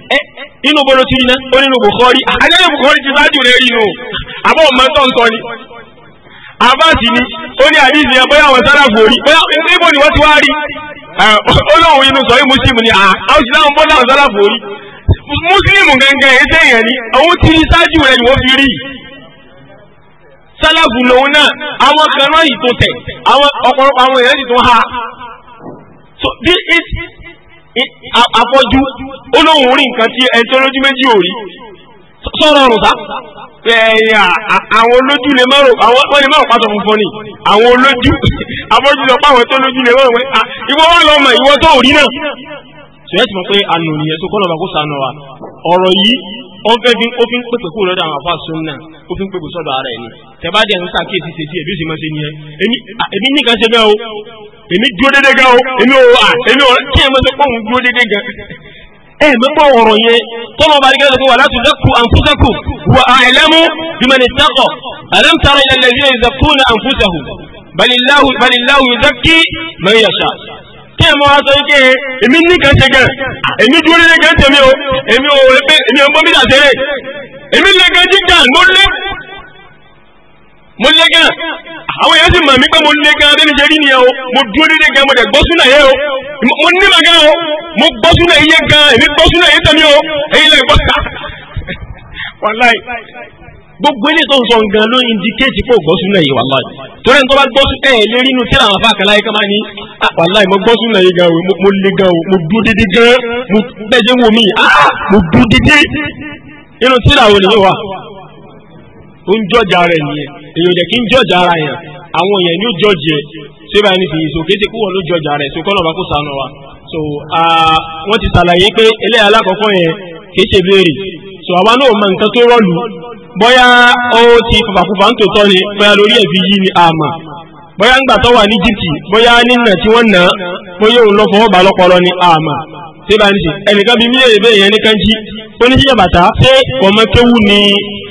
inú bolo ti yina ó nínú Bukhari ti sáájú rẹ̀ rí inú àbọ̀ ọmọ tó ni abáàsì ni ó ní àdìsí yẹn bóyá àwọn bóyá ibo ni wọ́n ti wá rí olóhùn inú sọ Muslim ni àwọn sì láwọn bọ́lá àwọn sára fòrí Muslim gẹ́gẹ́ ẹsẹ̀ yẹn ni òun ti sáájú rẹ̀ ni wọ́n fi rí lòun náà àwọn kan náà yìí tó tẹ̀ àwọn ọ̀pọ̀lọpọ̀ àwọn èèyàn afọ́jú olóhùn rí nǹkan tí ẹni tó lójú méjì ò rí sọ̀rọ̀ ọ̀rùn sá àwọn olójú lè má rò àwọn wọ́n lè má rò pàṣọ funfun ni àwọn olójú afọ́jú lọ pàwọn tó lójú lè má rò pé ìwọ wà lọ́mọ ìwọ tó rí náà ṣùgbọ́n ti mọ̀ pé àná nìyẹn tó kọ́nà ọba kó sànù wa ọ̀rọ̀ yìí ó fẹ́ fi ó fi ń pèpè kúrò lọ́dọ̀ àwọn afa sunna ó fi ń pèpè sọ́dọ̀ ara ẹ̀ ni tẹ́ bá dẹ̀ ń sàkíyèsí ṣe tí ẹ̀bí ó sì máa ṣe nìyẹn èmi nìkan ṣe bẹ́ẹ̀ o èmi dúró dédé gan o èmi ò à èmi ò kí ẹ mọ sọ pé òun dúró dédé gan ẹ mẹ́gbọ́ ọ̀rọ̀ yẹn tọ́lọ́ bá dìgbà lọ́kọ́ wà láti zẹ́kù ànfúsẹ́kù wà àìlẹ́mú bímẹ́ni sẹ́kọ̀ àlẹ́mùtàrà ilẹ̀ lẹ́yìn ìzẹ́kù ní ànfúsẹ́kù balìláwù zẹ́kì mẹ́yẹ̀ṣà. kí ẹ mọ wá sọ pé èmi ní kan ṣe gan èmi dúró dédé gan tèmi o èmi ò èmi ò ń mo lé gan àwọn èèyàn sì mọ̀ mí pé mo lé gan lẹ́nu jẹ́rí nìyẹn o mo dúró dédé gan mo dẹ̀ gbọ́ súnà yẹ o mo ní ma gan o mo gbọ́ súnà yẹ gan èmi gbọ́ súnà yẹ tẹ̀mí o èyí lè gbọ́ ta wàláì gbogbo ilé tó ń sọ nǹkan ló indikéètì kó gbọ́ súnà yìí wàláì torí ẹni tó bá gbọ́ súnà yìí lérí inú tíra àwọn afáàkàlà yìí kama ni ah, wàláì mo gbọ́ súnà yìí gan o mo lé gan o mo dúró dédé gan mo tẹ́jẹ́ ń jọ́jà rẹ̀ nìyẹn èèyàn jẹ́ kí ń jọ́jà ara yẹn àwọn èèyàn ní ó jọ́jẹ ṣé báyìí ní tìyí so kéde kúwọ̀ ló jọ́jà rẹ̀ so kọ́nà bá kó sànù wa so wọ́n ti ṣàlàyé pé eléyà alákọ̀ọ́kọ́ yẹn kì í ṣe béèrè so àwa náà mọ nǹkan tó rọ́ọ̀lù bóyá ó ti fàfàkùfà ń tòótọ́ ni bóyá lórí ẹ̀bí yìí ni àmà bóyá ń gbà tó wà ní jìbìtì bóyá nínà tí wọ́n nà á bóyá òun lọ fọwọ́ bà ni àmà ṣé báyìí ní ṣe ẹnìkan bíi mílíọ̀nù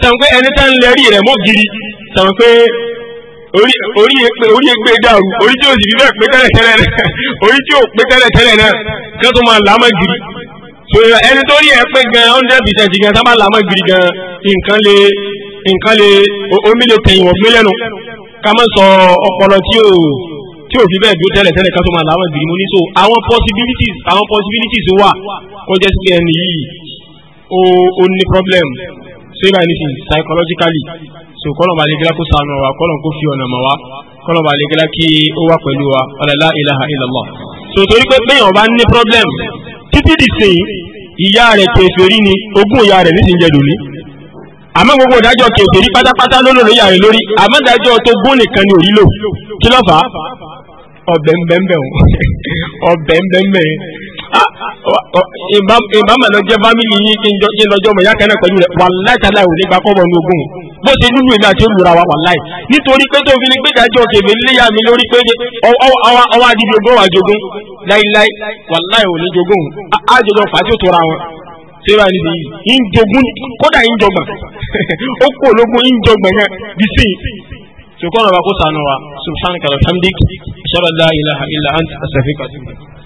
sàn pé ẹni tá ń lẹ́rí rẹ̀ mọ́ gidi sàn pé orí orí orí egbe dàrú orí tí o sì fi bẹ́ẹ̀ pé tẹ́lẹ̀ tẹ́lẹ̀ náà orí tí o pé tẹ́lẹ̀ tẹ́lẹ̀ náà kí wọ́n tún máa làámọ̀ gidi so ẹni tó rí ẹ pé gan hundred percent gan sábà làámọ̀ gidi gan nǹkan lè nǹkan lè omi lè tẹ̀yìn wọ̀ mílíọ̀nù ká má sọ ọpọlọ tí o tí o fi bẹ́ẹ̀ dúró tẹ́lẹ̀ tẹ́lẹ̀ ká tún máa làámọ̀ gidi mo ní so àwọn possibilities àwọn possibilities wà kó jẹ́ sí ẹni yìí o problem so ibà ní psychologically so kọ́lọ̀ bá lẹ́gẹ́lá kó sànù wa kọ́lọ̀ kó fi ọ̀nà mọ̀ wa kọ́lọ̀ bá lẹ́gẹ́lá kí ó wà pẹ̀lú wa ọ̀làlá ilaha illallah so torí pé pé ọba ní problem títí di sìn ìyá rẹ̀ kèfèrí ni ogún ìyá rẹ̀ nísìnyẹ lónìí àmọ́ gbogbo ìdájọ́ kèfèrí pátápátá lólòrò ìyá rẹ̀ lórí àmọ́ ìdájọ́ tó gún nìkan ni òrí lò kí ló fà á ọ̀bẹ̀ ń bẹ́ẹ̀ ìbámu lọ jẹ́ fámìlì yín kí n lọ́jọ́ mọ̀ ìyá kẹ́nà pẹ̀lú rẹ̀ wàláì tàlà ò ní gba kọ́bọ̀ ní ogún bó ṣe lúlù èmi àti olùra wa wàláì nítorí pé tó fi ní gbẹ́dájọ́ kèmí léyà mi lórí pé ọwọ́ adìdí ogún wà jogún láíláí wàláì ò ní jogún àjọjọ fàá tí ó tora wọn sera ni bi njogun kódà njọgbọn ó kú ológun njọgbọn yẹn bí sí sùkọ́nà wa kó sànù wa subhanaka alhamdulilayi ṣọlá ilaha illa anta astaghfiruka.